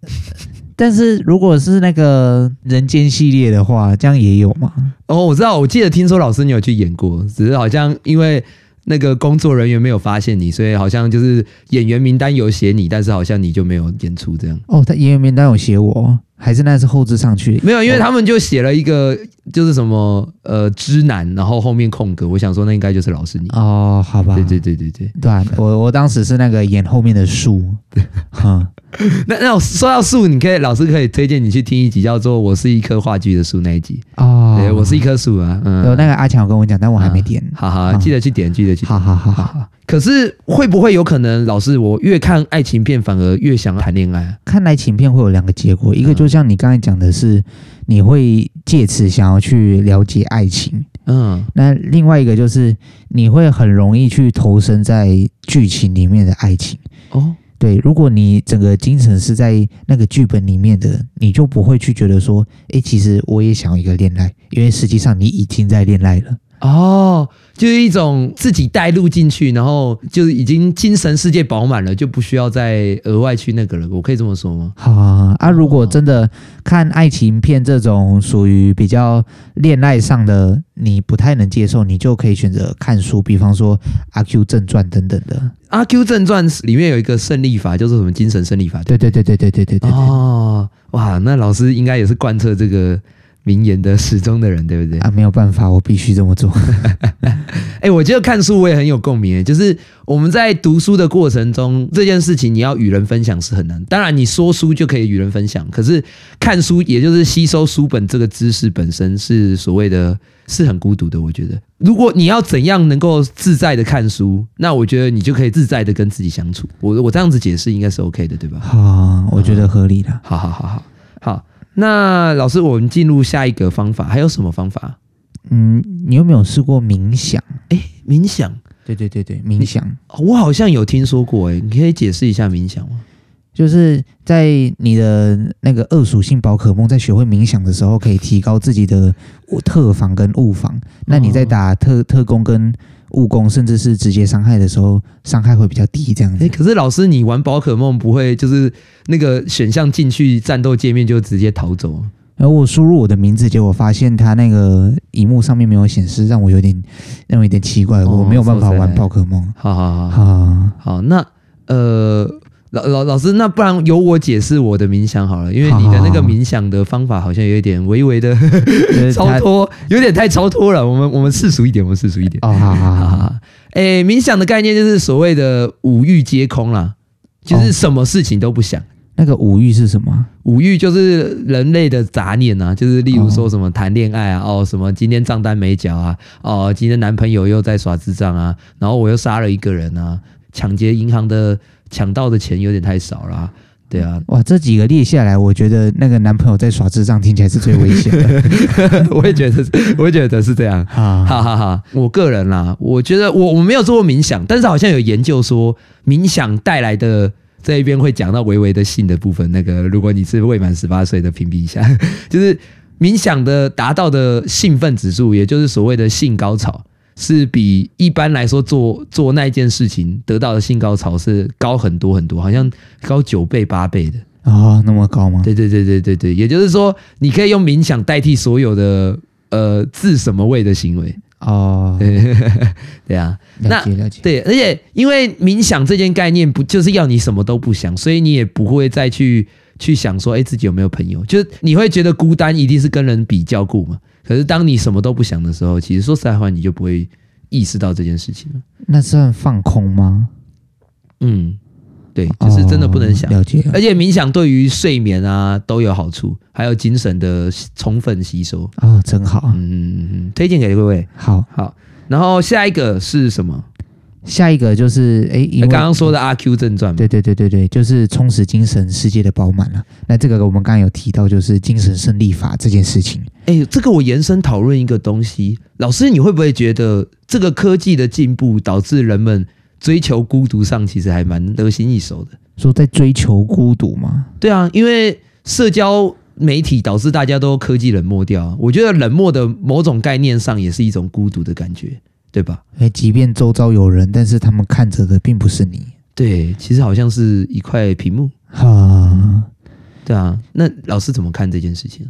<laughs> 但是如果是那個人間系列的話，這樣也有嗎？哦，我知道，我記得聽說老師你有去演過，只是好像因為那個工作人員沒有發現你，所以好像就是演員名單有寫你，但是好像你就沒有演出這樣。哦，他演員名單有寫我。還是那是後製上去，沒有，因為他們就寫了一個就是什麼呃知難，然後後面空格，我想說那應該就是老師你。哦，好吧，對對對對對，對啊，那個、我我當時是那個演後面的樹，哈、嗯，那那說到樹，你可以老師可以推薦你去聽一集叫做《我是一棵話劇的樹》那一集哦，對，我是一棵樹啊、嗯，有那個阿強跟我講，但我還沒點、啊，好好，記得去點，嗯、記得去點，好好好好，好，好。可是會不會有可能，老師，我越看愛情片，反而越想要談戀愛？啊？看愛情片會有兩個結果，一個就像你剛才講的是，是你會借此想要去了解愛情，嗯，那另外一個就是你會很容易去投身在劇情裡面的愛情。哦，對，如果你整個精神是在那個劇本裡面的，你就不會去覺得說，誒、欸，其實我也想要一個戀愛，因為實際上你已經在戀愛了。哦，就是一種自己帶入進去，然後就是已經精神世界飽滿了，就不需要再額外去那個了。我可以這麼說嗎？好啊，啊如果真的看愛情片這種屬於比較戀愛上的，你不太能接受，你就可以選擇看書，比方說《阿 Q 正傳》等等的。啊《阿 Q 正傳》裡面有一個勝利法，就是什麼精神勝利法？對對對對對對對對，對，對，對，對，對，對，對。哦，哇，那老師應該也是貫徹這個。名言的始終的人，對不對啊？沒有辦法，我必須這麼做。哎 <laughs> 、欸，我覺得看書我也很有共鳴。就是我們在讀書的過程中，這件事情你要與人分享是很難。當然你說書就可以與人分享，可是看書也就是吸收書本這個知識本身是所謂的是很孤獨的。我覺得，如果你要怎樣能夠自在的看書，那我覺得你就可以自在的跟自己相處。我我這樣子解釋應該是 OK 的，對吧？好，好，我覺得合理了。好、嗯、好好好好。好。那老師，我們進入下一個方法，還有什麼方法？嗯，你有沒有試過冥想？哎、欸，冥想，對對對對，冥想，我好像有聽說過、欸。你可以解釋一下冥想嗎？就是在你的那個惡屬性寶可夢在學會冥想的時候，可以提高自己的特防跟物防。哦、那你在打特特攻跟誤攻，甚至是直接傷害的時候，傷害會比較低這樣子。欸、可是老師，你玩寶可夢不會就是那個選項進去戰鬥界面就直接逃走？然、啊、後我輸入我的名字，結果發現它那個熒幕上面沒有顯示，讓我有點讓我有點奇怪，哦、我沒有辦法玩寶可夢、哦。好好好、嗯、好，好那呃。老老老師，那不然由我解釋我的冥想好了，因為你的那個冥想的方法好像有一點微微的好好超脫，有點太超脫了。我們我們世俗一點，我們世俗一點。啊哈哈。哎，冥想的概念就是所謂的五欲皆空啦，就是什麼事情都不想。哦，那個五欲是什麼？五欲就是人類的雜念啊，就是例如說什麼談戀愛啊，哦什麼今天賬單沒繳啊，哦今天男朋友又在耍智障啊，然後我又殺了一個人啊，搶劫銀行的。搶到的錢有點太少啦。對啊，哇，這幾個列下來，我覺得那個男朋友在耍智障，聽起來是最危險的。 <laughs> 我也覺得，我也覺得是這樣。哈哈哈，我個人啦，我覺得我我沒有做過冥想，但是好像有研究說冥想帶來的這一邊會講到微微的性的部分。那個，如果你是未滿十八歲的，屏蔽一下。就是冥想的達到的興奮指數，也就是所謂的性高潮。是比一般來說做做那件事情得到的性高潮是高很多很多，好像高九倍八倍的啊。哦，那麼高嗎？對對對對對對，也就是說你可以用冥想代替所有的呃自什麼位的行為哦，對，呵呵。對啊，那了解，對，而且因為冥想這件概念不就是要你什麼都不想，所以你也不會再去去想說哎、欸、自己有沒有朋友，就是你會覺得孤單一定是跟人比較孤嗎？可是當你什麼都不想的時候，其實說實在話，你就不會意識到這件事情了。那算放空嗎？嗯，對，就是真的不能想。哦，了解了，而且冥想對於睡眠啊都有好處，還有精神的充分吸收啊，哦，真好。嗯嗯，推薦給各位。好，好，然後下一個是什麼？下一個就是哎，你剛剛說的阿 Q 正傳，對對對對對，就是充實精神世界的飽滿了。那這個我們剛剛有提到，就是精神勝利法這件事情。哎，這個我延伸討論一個東西，老師你會不會覺得這個科技的進步導致人們追求孤獨上其實還蠻得心應手的？說在追求孤獨嗎？對啊，因為社交媒體導致大家都科技冷漠掉，我覺得冷漠的某種概念上也是一種孤獨的感覺。對吧？哎、欸，即便周遭有人，但是他們看着的並不是你。對，其實好像是一塊屏幕。哈、嗯，對啊。那老師怎麼看這件事情？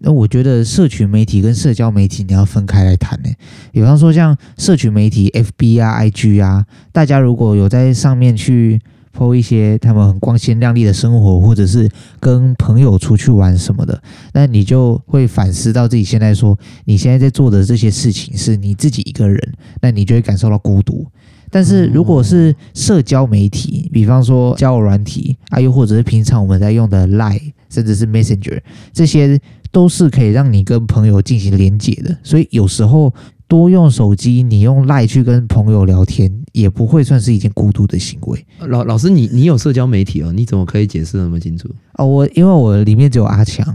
那我覺得，社群媒體跟社交媒體你要分開來談誒、欸。比方說，像社群媒體，F B 啊，I G 啊，大家如果有在上面去。剖一些他們很光鮮亮麗的生活，或者是跟朋友出去玩什麼的，那你就會反思到自己現在說你現在在做的這些事情是你自己一個人，那你就會感受到孤獨。但是如果是社交媒體，比方說交友軟體，啊又或者是平常我們在用的 Line，甚至是 Messenger，這些都是可以讓你跟朋友進行連結的，所以有時候。多用手機，你用賴去跟朋友聊天，也不會算是一件孤獨的行為。老老師你，你你有社交媒體哦？你怎麼可以解釋那麼清楚？哦，我因為我裡面只有阿強，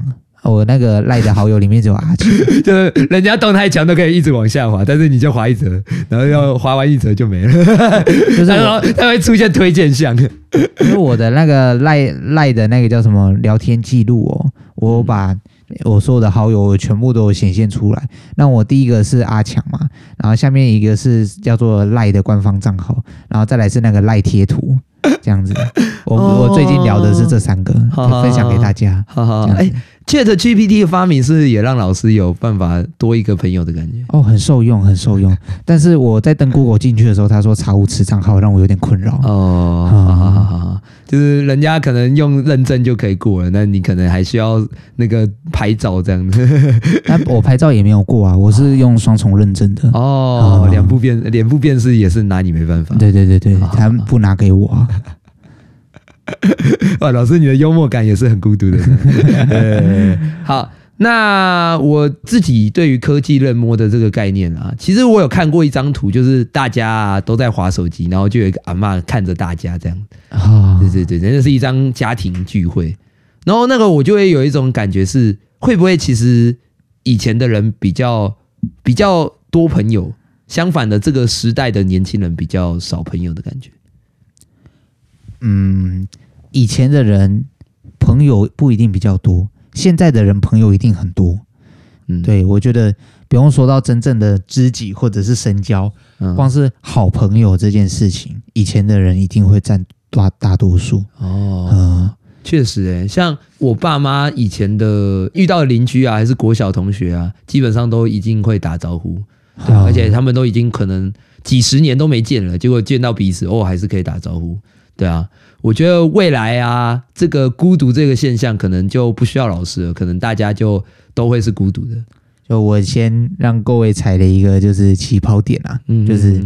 我那個賴的好友裡面只有阿強， <laughs> 就是人家動態牆都可以一直往下滑，但是你就滑一則，然後要滑完一則就沒了， <laughs> 就是它會出現推薦項， <laughs> 因為我的那個賴賴的那個叫什麼聊天記錄哦，我把。我所有的好友全部都顯現出來。那我第一個是阿強嘛，然後下面一個是叫做 LINE 的官方賬號然後再來是那個 LINE 貼圖，這樣子。我我最近聊的是這三個，分享給大家。好好好這樣 Chat GPT 的發明是也讓老師有辦法多一個朋友的感覺哦，oh, 很受用，很受用。 <laughs> 但是我在登 Google 進去的時候，他說查無此賬號，讓我有點困擾哦、oh,。就是人家可能用認證就可以過了，那你可能還需要那個拍照這樣子。那 <laughs> 我拍照也沒有過啊，我是用雙重認證的哦、oh,。臉部辨臉部辨識也是拿你沒辦法，對對對對，他不拿給我、啊。 <laughs> 啊， <laughs> 老師，你的幽默感也是很孤獨的 <laughs> 對對對。好，那我自己對於科技冷漠的這個概念啊，其實我有看過一張圖，就是大家都在滑手機，然後就有一個阿嬤看着大家這樣啊、哦，對對對，這是一張家庭聚會。然後那個我就會有一種感覺是，會不會其實以前的人比較比較多朋友，相反的，這個時代的年輕人比較少朋友的感覺。嗯，以前的人朋友不一定比較多，現在的人朋友一定很多。嗯，對，我覺得不用說到真正的知己或者是深交，嗯，光是好朋友這件事情，以前的人一定會占大大多數。哦，嗯，確實誒，像我爸媽以前的遇到鄰居啊，還是國小同學啊，基本上都已經會打招呼，對啊，嗯，而且他們都已經可能幾十年都沒見了，結果見到彼此哦，還是可以打招呼。對啊，我覺得未來啊，這個孤獨這個現象可能就不需要老師了，可能大家就都會是孤獨的。就我先讓各位踩了一個就是起跑點啊，嗯、就是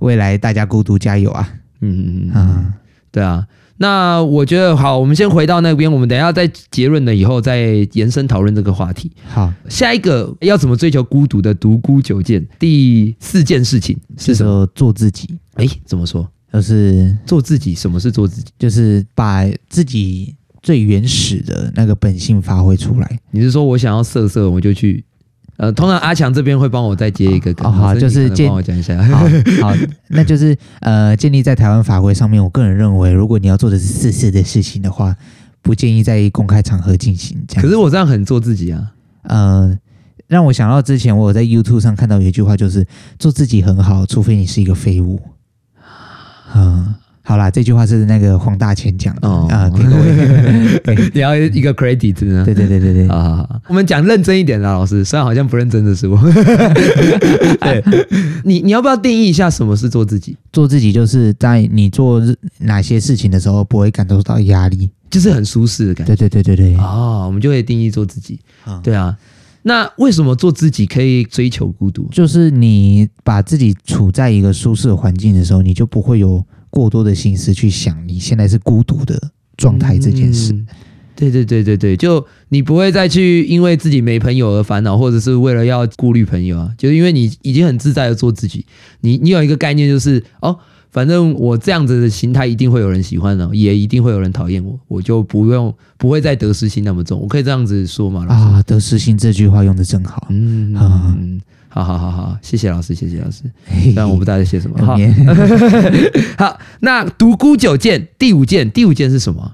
未來大家孤獨加油啊。嗯嗯嗯啊，對啊。那我覺得好，我們先回到那邊，我們等一下再結論了以後再延伸討論這個話題。好，下一個要怎麼追求孤獨的獨孤九劍第四件事情是、就是、說做自己。哎、欸，怎麼說？就是做自己，什麼是做自己？就是把自己最原始的那個本性發揮出來。你是說我想要色色，我就去？呃，通常阿強這邊會幫我再接一個好、哦哦，就是幫我講一下。好， <laughs> 好，好 <laughs> 那就是呃，建立在台灣法規上面，我個人認為，如果你要做的是色色的事情的話，不建議在公開場合進行。可是我這樣很做自己啊。嗯、呃，讓我想到之前我有在 YouTube 上看到有一句話，就是做自己很好，除非你是一個廢物。啊、嗯，好啦，這句話是那個黃大千講的啊，對、oh, 呃，okay. Okay. 你要一個 credit 對對對對對啊，oh, oh, oh. 我們講認真一點啦。啊，老師，雖然好像不認真的是不 <laughs> <laughs> 你你要不要定義一下什麼是做自己？做自己就是在你做哪些事情的時候不會感受到壓力，就是很舒適的感覺，對對對對對，哦、oh,，我們就會定義做自己，嗯、對啊。那為什麼做自己可以追求孤獨？就是你把自己處在一個舒適的環境的時候，你就不會有過多的心思去想你現在是孤獨的狀態這件事。嗯。對對對對對，就你不會再去因為自己沒朋友而煩惱，或者是為了要顧慮朋友啊，就是因為你已經很自在的做自己，你你有一個概念就是哦，反正我這樣子的心態，一定會有人喜歡的，也一定會有人討厭我，我就不用不會再得失心那麼重。我可以這樣子說嗎，老師？啊，得失心這句話用得真好。嗯，好、嗯嗯嗯、好好好，謝謝老師，謝謝老師。但我不知道在寫什麼。好,嗯、 <laughs> 好，那獨孤九劍第五劍，第五劍是什麼？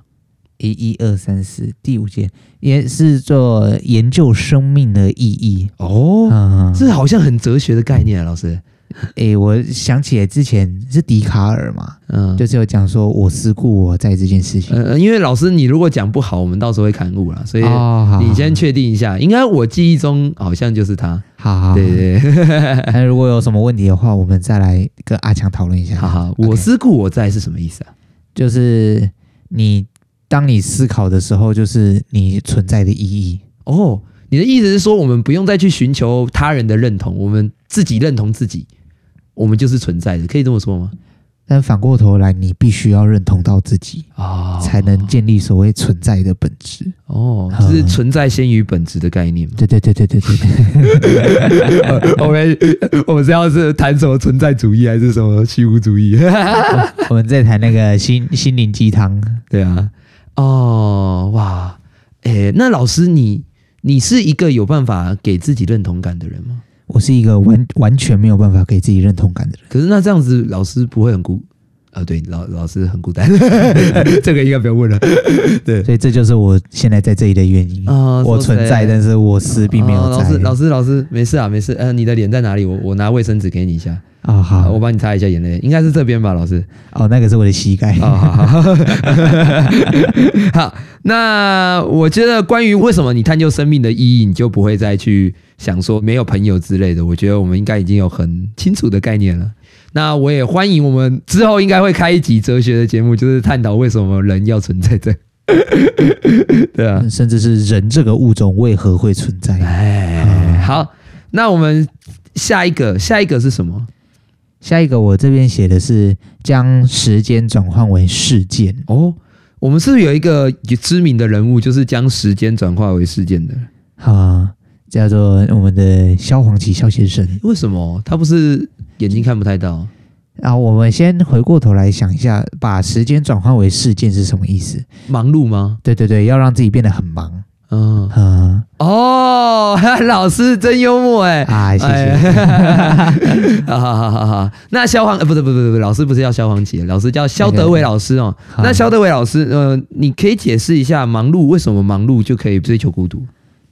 一一二三四，第五劍也是做研究生命的意義哦、嗯，這好像很哲學的概念啊，老師。誒、欸，我想起來之前是笛卡爾嘛，嗯，就是有講說我思故我在這件事情。嗯、呃、嗯，因為老師你如果講不好，我們到時候會砍路了，所以你先確定一下、哦，應該我記憶中好像就是他。好，對對對。對 <laughs> 如果有什麼問題的話，我們再來跟阿強討論一下。好好、okay，我思故我在是什麼意思啊？就是你當你思考的時候，就是你存在的意義。哦，你的意思是說，我們不用再去尋求他人的認同，我們自己認同自己。我們就是存在的，可以這麼說嗎？但反過頭來，你必須要認同到自己啊、哦，才能建立所謂存在的本質。哦，嗯、是存在先於本質的概念。對對對對對對， <laughs> 對 <laughs> <laughs> 我。OK，我們我們是要是談什麼存在主義，還是什麼虛無主義？ <laughs> 哦、我們在談那個心心靈雞湯。對啊、嗯。哦，哇，欸、那老師你，你你是一個有辦法給自己認同感的人嗎？我是一個完完全沒有辦法給自己認同感的人。可是那這樣子，老師不會很孤啊對，老老師很孤單，對對對 <laughs> 這個應該不用問了。對，所以這就是我現在在這裡的原因、哦、我存在，嗯、但是我是並沒有在。哦、老師、欸，老師，老師，沒事啊，沒事。呃、你的臉在哪裡？我我拿衛生紙給你一下。啊、哦、好，嗯、我幫你擦一下眼淚，應該是這邊吧，老師。哦，那個是我的膝蓋。哦，好，好， <laughs> 好，那我覺得，關於為什麼你探究生命的意義，你就不會再去想說沒有朋友之類的。我覺得我們應該已經有很清楚的概念了。那我也歡迎我們之後應該會開一集哲學的節目，就是探討為什麼人要存在，在、這個， <laughs> 對啊，甚至是人這個物種為何會存在。哎，哎嗯、好，那我們下一個，下一個是什麼？下一個，我這邊寫的是將時間轉換為事件哦。我們是有一個知名的人物，就是將時間轉化為事件的，哈、啊，叫做我們的蕭煌奇蕭先生。為什麼他不是眼睛看不太到？然後、啊、我們先回過頭來想一下，把時間轉換為事件是什麼意思？忙碌嗎？對對對，要讓自己變得很忙。嗯嗯哦，呵呵，老師真幽默哎！啊，謝謝。哈哈哈哈哈。那消防呃，不對不對不是，不老師不是叫消防姐，老師叫蕭德偉老師哦。嗯、那蕭德偉老師，呃，你可以解釋一下忙碌，為什麼忙碌就可以追求孤獨？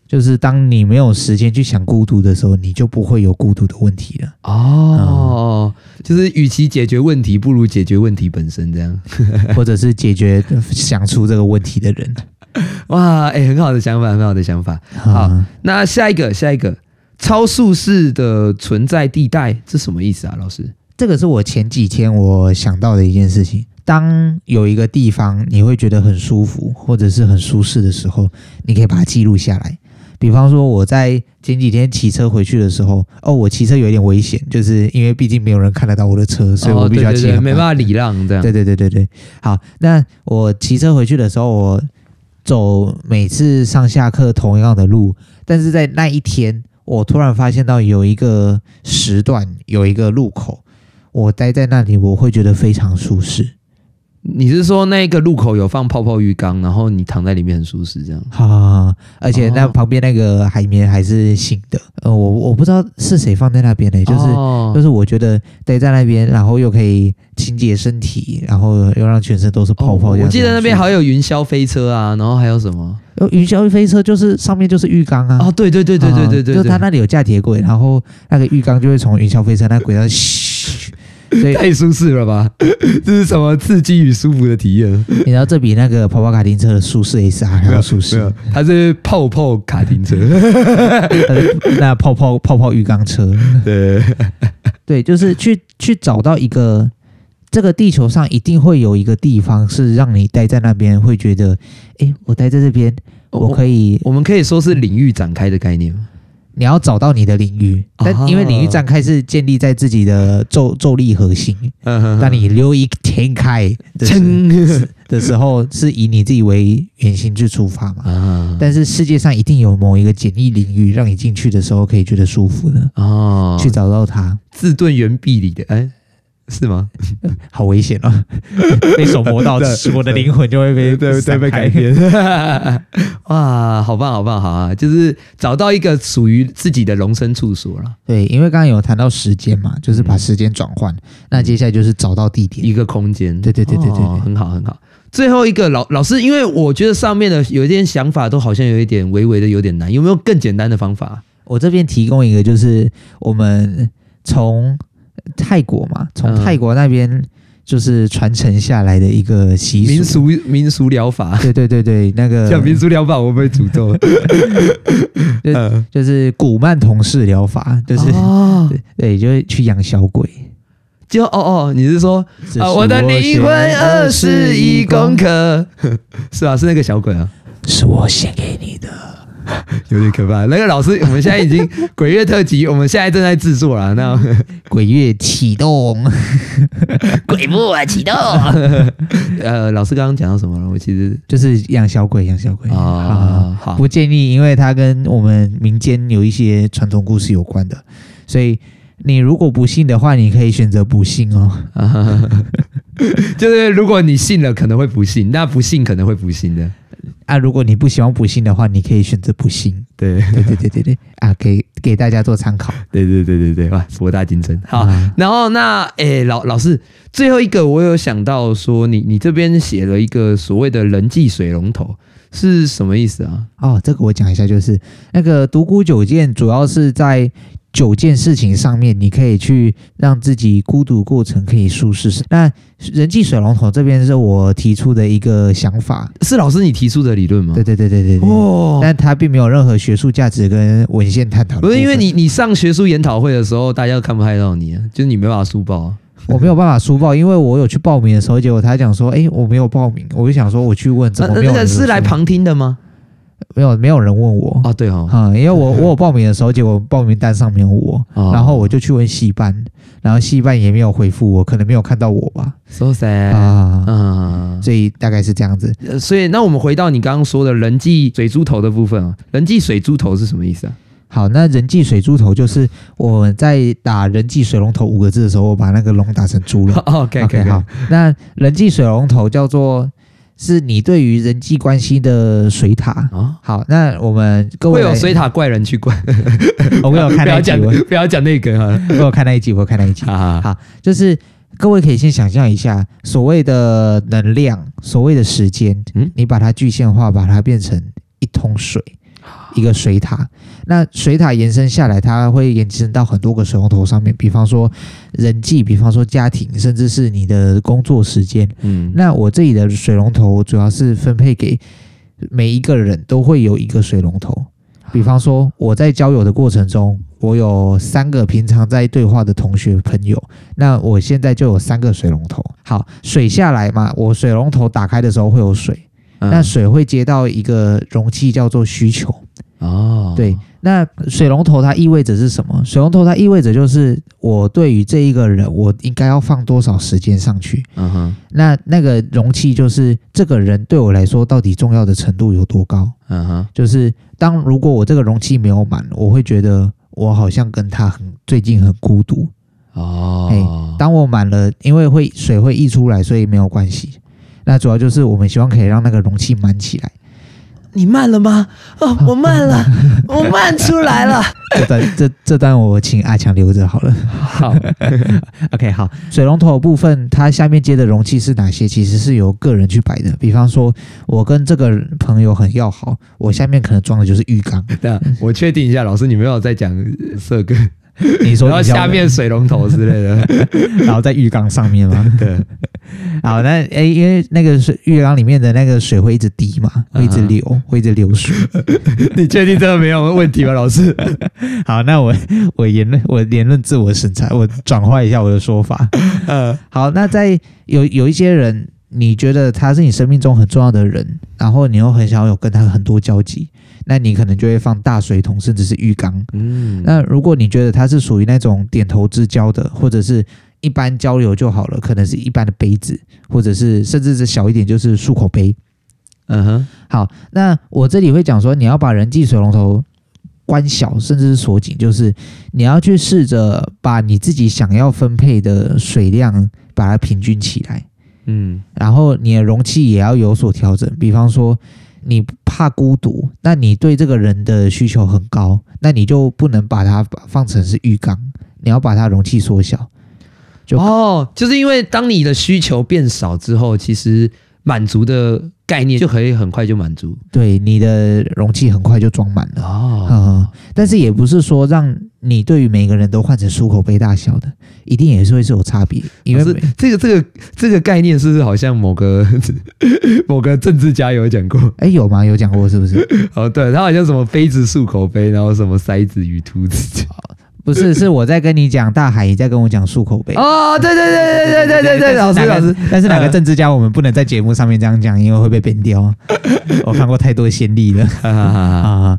就是當你沒有時間去想孤獨的時候，你就不會有孤獨的問題了。哦，嗯、就是與其解決問題，不如解決問題本身這樣，或者是解決想出這個問題的人。哇，哎、欸，很好的想法，很好的想法。好，嗯、那下一個，下一個超舒適的存在地帶，是什麼意思啊，老師？這個是我前幾天我想到的一件事情。當有一個地方你會覺得很舒服或者是很舒適的時候，你可以把它記錄下來。比方說，我在前幾天騎車回去的時候，哦，我騎車有一點危險，就是因為畢竟沒有人看得到我的車，所以我比較急，沒辦法禮讓這樣。對對對對對。好，那我騎車回去的時候，我。走每次上下課同樣的路，但是在那一天，我突然發現到有一個時段，有一個路口，我待在那裡，我會覺得非常舒適。你是說那個路口有放泡泡浴缸，然後你躺在裡面很舒適這樣？哈、啊、而且那旁邊那個海綿還是新的。哦、呃，我我不知道是誰放在那邊的、欸，就是、哦、就是我覺得待在那邊，然後又可以清潔身體，然後又讓全身都是泡泡、哦。我記得那邊還有雲霄飛車啊，然後還有什麼？呃、雲霄飛車就是上面就是浴缸啊。哦，對對對對對對對，就它那裡有架鐵軌，然後那個浴缸就會從雲霄飛車那軌道。所以太舒適了吧！ <laughs> 這是什麼刺激與舒服的體驗？你知道這比那個跑跑卡丁車的舒適 S R 還要舒適， <laughs> 它是泡泡卡丁車，那 <laughs> 泡泡泡泡浴缸車。對，對，就是去去找到一個，這個地球上一定會有一個地方是讓你待在那邊，會覺得，哎、欸，我待在這邊，我可以、哦我，我們可以說是領域展開的概念。你要找到你的領域，但因為領域展開是建立在自己的咒咒力核心。當你留一天開的時候，是以你自己為原型去出發嘛？啊、但是世界上一定有某一個簡易領域，讓你進去的時候可以覺得舒服的、啊、去找到它，自盾原壁裡的、欸是嗎？好危險哦！ <laughs> 被手磨到，我的靈魂就會被對對，對被改變。 <laughs> 哇，好棒，好棒，好啊！就是找到一個屬於自己的容身處所了。對，因為剛剛有談到時間嘛，就是把時間轉換。那接下來就是找到地點，一個空間。對對對對對，哦、很好很好。最後一個老老師，因為我覺得上面的有一點想法都好像有一點微微的有點難，有沒有更簡單的方法？我這邊提供一個，就是我們從。泰國嘛，從泰國那邊就是傳承下來的一個習俗，民、嗯、俗民俗療法。對對對對，那個叫民俗療法，我被詛咒了 <laughs> 就、嗯、就是古曼童式療法，就是、哦、對，就是去養小鬼。就哦哦，你是說是我、啊、我的靈魂二十一公克，公克 <laughs> 是吧、啊？是那個小鬼啊？是我寫給你的。有點可怕。那個老師，我們現在已經鬼月特輯， <laughs> 我們現在正在制作啦。那鬼月啟動， <laughs> 鬼步啊啟動。 <laughs> 呃，老師剛剛講到什麼了？我其實就是養小鬼，養小鬼啊。哦，好，不建議，因為他跟我們民間有一些傳統故事有關的，所以你如果不信的話，你可以選擇不信哦。 <laughs> 就是如果你信了，可能會不信；那不信，可能會不信的。啊，如果你不喜歡補鋅的話，你可以選擇補鋅。對對對對對對，啊，給給大家做參考。對對對對對，哇，博大精深。好、嗯，然後那誒、欸，老老師，最後一個我有想到說你，你你這邊寫了一個所謂的人際水龍頭是什麼意思啊？哦，這個我講一下，就是那個獨孤九劍主要是在。九件事情上面，你可以去讓自己孤獨過程，可以舒適。那人際水龍頭這邊是我提出的一個想法，是老師你提出的理論嗎？對對對對對。哦，但它並沒有任何學術價值跟文獻探討。不是因為你你上學術研討會的時候，大家都看不太到你啊，就是你沒辦法書報、啊。我沒有辦法書報，因為我有去報名的時候，結果他講說，哎、欸，我沒有報名，我就想說我去問那、啊、那個是來旁聽的嗎？沒有，沒有人問我啊。對哦，嗯、因為我我有報名的時候，結果報名單上面沒有我、哦，然後我就去問戲班，然後戲班也沒有回復我，可能沒有看到我吧。是不是？啊啊、嗯，所以大概是這樣子。嗯、所以那我們回到你剛剛說的人際水豬頭的部分啊，人際水豬頭是什麼意思啊？好，那人際水豬頭就是我在打人際水龍頭五個字的時候，我把那個龍打成豬了。Okay, OK OK，好， <laughs> 那人際水龍頭叫做。是你對於人際關係的水塔。好，那我們各位會有水塔怪人去怪。 <laughs> 我管。不要講，不要講那個 <laughs> 我不要看那一集，我有看那一集。好，就是各位可以先想象一下，所謂的能量，所謂的時間，你把它具現化，把它變成一桶水。一個水塔，那水塔延伸下來，它會延伸到很多個水龍頭上面。比方說人際，比方說家庭，甚至是你的工作時間。嗯，那我這裡的水龍頭主要是分配給每一個人都會有一個水龍頭。比方說我在交友的過程中，我有三個平常在對話的同學朋友，那我現在就有三個水龍頭。好，水下來嘛，我水龍頭打開的時候會有水，那水會接到一個容器，叫做需求。哦，對，那水龍頭它意味着是什麼？水龍頭它意味着就是我對於這一個人，我應該要放多少時間上去？嗯哼。那那個容器就是這個人對我來說到底重要的程度有多高？嗯哼。就是當如果我這個容器沒有滿，我會覺得我好像跟他很最近很孤獨。哦。哎，當我滿了，因為會水會溢出來，所以沒有關係。那主要就是我們希望可以讓那個容器滿起來。你慢了嗎？哦，我慢了， <laughs> 我慢出來了。 <laughs> 這段這這段我請阿強留着好了好。好 <laughs> ，OK，好。水龍頭部分，它下面接的容器是哪些？其實是由個人去擺的。比方說，我跟這個朋友很要好，我下面可能裝的就是浴缸。對啊，我確定一下，老師，你沒有在講色根。你說要下面水龍頭之類的， <laughs> 然後在浴缸上面嘛對。 <laughs> 好，那、欸、因為那個浴浴缸裡面的那個水會一直滴嘛，會一直流，uh -huh. 會一直流水。 <laughs> 你確定這個沒有問題嗎？ <laughs> 老師？好，那我我言論我言論自我審查，我轉換一下我的說法。嗯，好，那在有有一些人，你覺得他是你生命中很重要的人，然後你又很想要有跟他很多交集。那你可能就會放大水桶，甚至是浴缸。嗯，那如果你覺得它是屬於那種點頭之交的，或者是一般交流就好了，可能是一般的杯子，或者是甚至是小一點，就是漱口杯。嗯哼，好，那我這裡會講說，你要把人際水龍頭關小，甚至是鎖緊，就是你要去試着把你自己想要分配的水量，把它平均起來。嗯，然後你的容器也要有所調整，比方說。你怕孤獨，那你對這個人的需求很高，那你就不能把它放成是浴缸，你要把它容器縮小。就哦，就是因為當你的需求變少之後，其實滿足的概念就可以很快就滿足，對你的容器很快就裝滿了。哦，嗯，但是也不是說讓。你對於每個人都換成漱口杯大小的，一定也是會是有差別，因為這個這個這個概念是不是好像某個某個政治家有講過？哎、欸，有嗎？有講過是不是？哦，對他好像什麼杯子漱口杯，然後什麼塞子與兔子、哦，不是？是我在跟你講 <laughs> 大海，你在跟我講漱口杯。哦，對對對對對對對對，老師老師。但是哪個政治家我們不能在節目上面這樣講，因為會被變掉。 <laughs> 我看過太多的先例了。哈哈哈哈 <laughs> 哈哈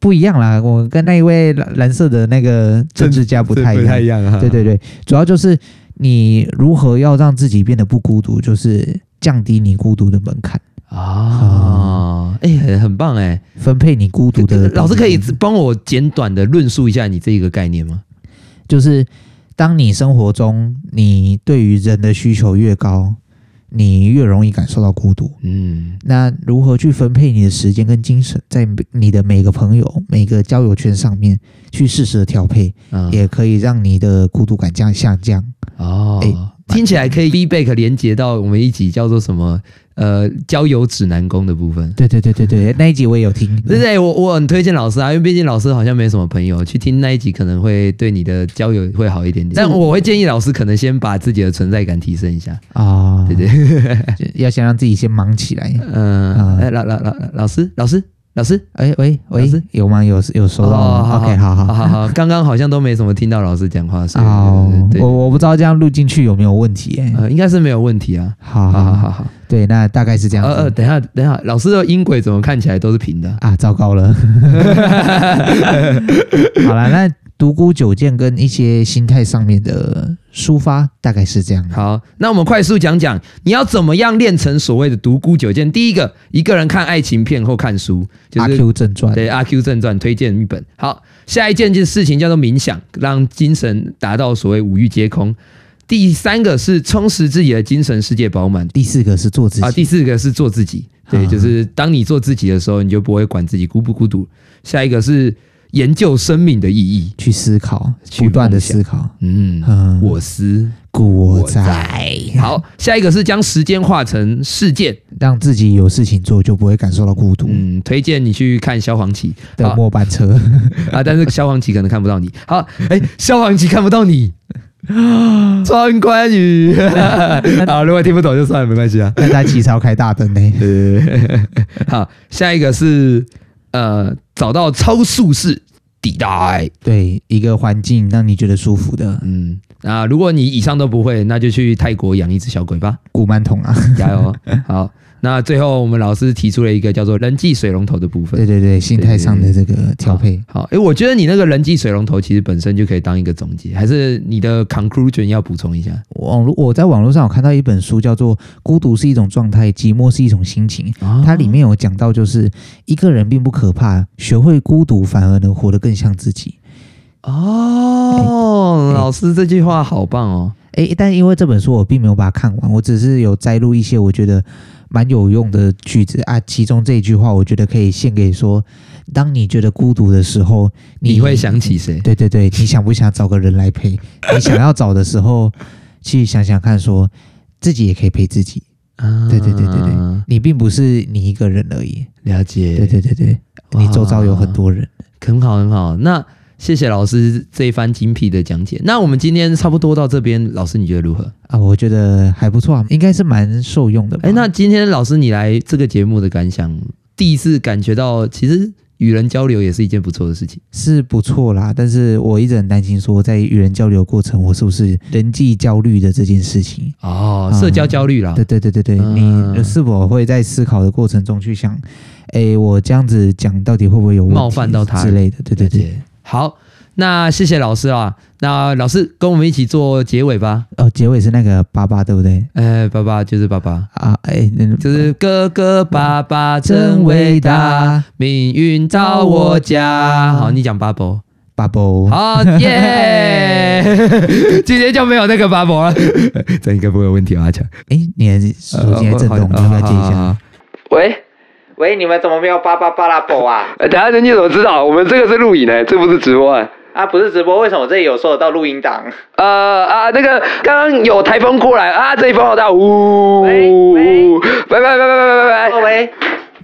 不一樣啦，我跟那一位藍色的那個政治家不太一樣。是不是太一樣啊、對對對，主要就是你如何要讓自己變得不孤獨，就是降低你孤獨的門檻啊！哎、哦哦欸，很棒哎、欸，分配你孤獨的門檻對對對，老師可以幫我簡短的論述一下你這一個概念嗎？就是當你生活中你對於人的需求越高。你越容易感受到孤獨，嗯，那如何去分配你的時間跟精神，在你的每個朋友、每個交友圈，上面去適時的調配、嗯，也可以讓你的孤獨感降下降。哦。欸聽起來可以 be back 連接到我們一集叫做什麼呃，交友指南工的部分。對對對對對，那一集我也有聽。嗯、對，對對，我我很推薦老師啊，因為畢竟老師好像沒什麼朋友，去聽那一集可能會對你的交友會好一點點。但我會建議老師可能先把自己的存在感提升一下啊，哦、對，對對， <laughs> 要先讓自己先忙起來。嗯，哎、嗯，老老老老師老師。老老老老老老師，哎、欸、喂喂，有嗎？有有收到、哦、好好？OK，好好好、哦、好好，剛剛好像都沒什麼聽到老師講話，是吧、哦？我我不知道這樣錄進去有沒有問題、欸，哎、呃，應該是沒有問題啊。好好好好，對，那大概是這樣。呃呃，等一下等一下，老師的音軌怎麼看起來都是平的啊？糟糕了。 <laughs> <laughs> <laughs> 好了，那。獨孤九劍跟一些心態上面的抒發大概是這樣。好，那我們快速講講，你要怎麼樣練成所謂的獨孤九劍？第一個，一個人看愛情片或看書，就是《阿 Q 正傳》。對，《阿 Q 正傳》推薦一本。好，下一件就是事情叫做冥想，讓精神達到所謂五欲皆空。第三個是充實自己的精神世界，飽滿。第四個是做自己。啊，第四個是做自己。嗯。對，就是當你做自己的時候，你就不會管自己孤不孤獨。下一個是。研究生命的意義，去思考，去不斷的思考。嗯，嗯我思故我在，我在。好，下一個是將時間化成事件，讓自己有事情做，就不會感受到孤獨。嗯，推薦你去看消防旗的末班車啊，但是消防旗可能看不到你。好，哎、欸， <laughs> 消防旗看不到你，穿關羽。 <laughs> 好，如果聽不懂就算了，沒關係啊。那他其實要開大燈呢、欸。好，下一個是。呃，找到超舒適地帶，對，一個環境讓你覺得舒服的，嗯，那、啊、如果你以上都不會，那就去泰國養一只小鬼吧，古曼童啊，加、哎、油， <laughs> 好。那最後，我們老師提出了一個叫做“人際水龍頭”的部分，對對對，心態上的這個調配對對對。好，誒、欸、我覺得你那個人際水龍頭其實本身就可以當一個總結，還是你的 conclusion 要補充一下？網我，我在網絡上有看到一本書，叫做《孤獨是一種狀態，寂寞是一種心情》。哦、它裡面有講到，就是一個人並不可怕，學會孤獨反而能活得更像自己。哦，欸、老師這句話好棒哦！誒、欸欸、但因為這本書我並沒有把它看完，我只是有摘錄一些，我覺得。蠻有用的句子啊，其中這一句話，我覺得可以獻給說，當你覺得孤獨的時候，你，你會想起誰？對對對，你想不想找個人來陪？ <coughs> 你想要找的時候，去想想看說，說自己也可以陪自己啊。對對對對對，你並不是你一個人而已。了解。對對對對，你周遭有很多人。很好很好，那。謝謝老師這一番精闢的講解。那我們今天差不多到這邊，老師你覺得如何啊？我覺得還不錯、啊，應該是蠻受用的。哎，那今天老師你來這個節目的感想，第一次感覺到其實與人交流也是一件不錯的事情。是不錯啦，但是我一直很擔心說，說在與人交流過程，我是不是人際焦慮的這件事情哦，社交焦慮啦、嗯，對對對對對，你是否會在思考的過程中去想，哎、嗯，我這樣子講到底會不會有冒犯到他之類的？對對對。對對對好，那謝謝老師啊。那老師跟我們一起做結尾吧。哦，結尾是那個爸爸對不對？呃、欸，爸爸就是爸爸啊。哎、欸，就是哥哥，爸爸真偉大，命運照我家、嗯。好，你講 bubble bubble。好，耶、 <laughs> yeah!。今天就沒有那個 bubble 了， <laughs> <laughs> 這應該不會有問題啊，阿強，哎、欸，你的手機還震動，要不要接一下？啊喂？喂，你們怎麼沒有巴巴巴拉啵啊？欸、等下，你怎麼知道？我們這個是錄影呢、欸，這不是直播、欸。啊，啊，不是直播，為什麼我這裡有收得到錄音檔？呃啊，那個剛剛有颱風過來啊，這一風好大，嗚嗚嗚！嗚喂，喂，拜拜拜拜拜拜拜。喂。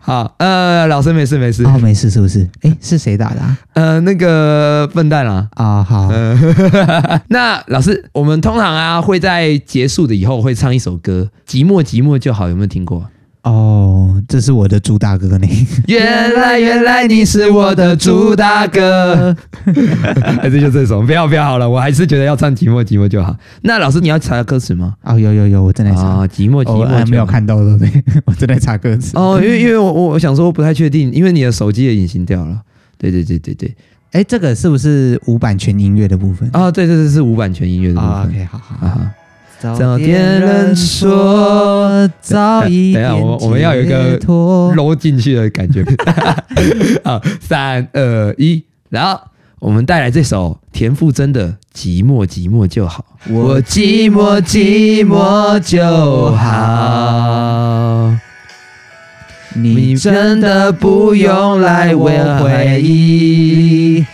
好，呃，老師沒事沒事，啊沒事、哦、沒事是不是？哎、欸，是誰打的、啊？呃，那個笨蛋啦、啊，啊、哦、好。呃、呵呵呵那老師，我們通常啊會在結束的以後會唱一首歌，《寂寞寂寞就好》，有沒有聽過？哦、oh，這是我的主打歌你。 <laughs> 原來原來你是我的主打歌。 <laughs> 還是就這首，不要不要好了，我還是覺得要唱《寂寞寂寞》就好。那老師你要查歌詞嗎？哦、啊，有有有，我正在查。寂、哦、寞寂寞》寂寞 oh, 沒有看到對不對？我正在查歌詞。哦，因為因為我我想說不太確定，因為你的手機也隱形掉了。對對對對對。哎、欸，這個是不是無版權音樂的部分？哦，對對對是無版權音樂的部分、啊。OK，好好。Uh -huh. 早點認錯，早一點解脫。等下，我我們要有一個揉進去的感覺。 <laughs> <laughs> 好，三二一，然後我們帶來這首田馥甄的《寂寞寂寞就好》。我寂寞寂寞就好，你真的不用來我回憶。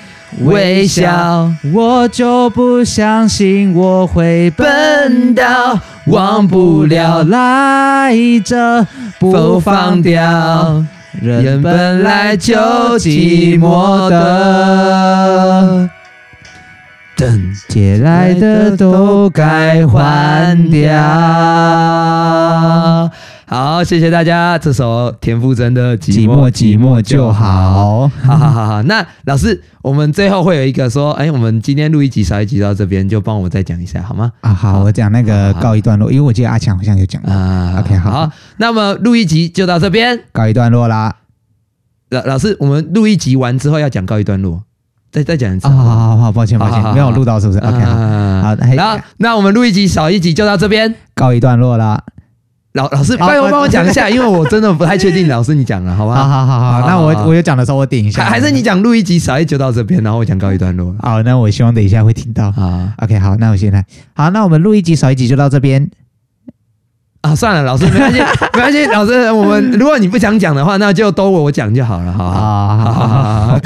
微笑，我就不相信我會笨到忘不了來者不放掉。人本來就寂寞的，真、嗯、借來的都該還掉。好，謝謝大家。這首田馥甄的寂寞《寂寞，寞寂寞就好》，好好好好。那老師，我們最後會有一個說，哎、欸，我們今天錄一集少一集到這邊，就幫我再講一下好嗎？啊，好，好，我講那個告一段落好好好，因為我記得阿強好像有講啊。OK，好，好，好，好，那麼錄一集就到這邊告一段落啦。老老師，我們錄一集完之後要講告一段落，再再講一次好好。好、啊、好好，抱歉抱歉，抱歉，沒有錄到是不是、啊、？OK，好、啊好，那我們錄一集少一集就到這邊告一段落啦。老老師，快幫幫我講一下，因為我真的不太確定。 <laughs> 老師，你講了，好不好？好好好，好，好，好，好，好，好，好，好，那我我有講的時候，我點一下。好好好好，還是你講，錄一集少一集就到這邊，然後我講告一段落。好，那我希望等一下會聽到。好，OK，好，那我先來。好，那我們錄一集少一集就到這邊。啊，算了，老師，沒關係，沒關係，老師，我們如果你不想講的話，那就都我講就好了，好不、啊、好、啊？好、啊、好、啊好，啊好，啊好，啊好啊，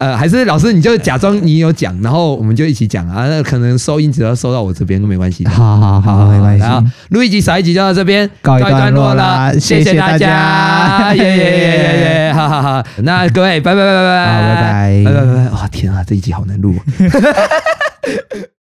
呃，還是老師，你就假裝你有講，然後我們就一起講啊。那可能收音只要收到我這邊都沒關係。好、啊、好好、啊，沒關係。錄、啊、一集，少一集就到這邊告，告一段落了，謝謝大家，耶耶耶哈哈哈。那各位，拜拜拜拜拜拜拜拜拜，哇拜拜拜拜、哦，天啊，這一集好難錄、啊。 <laughs> <laughs>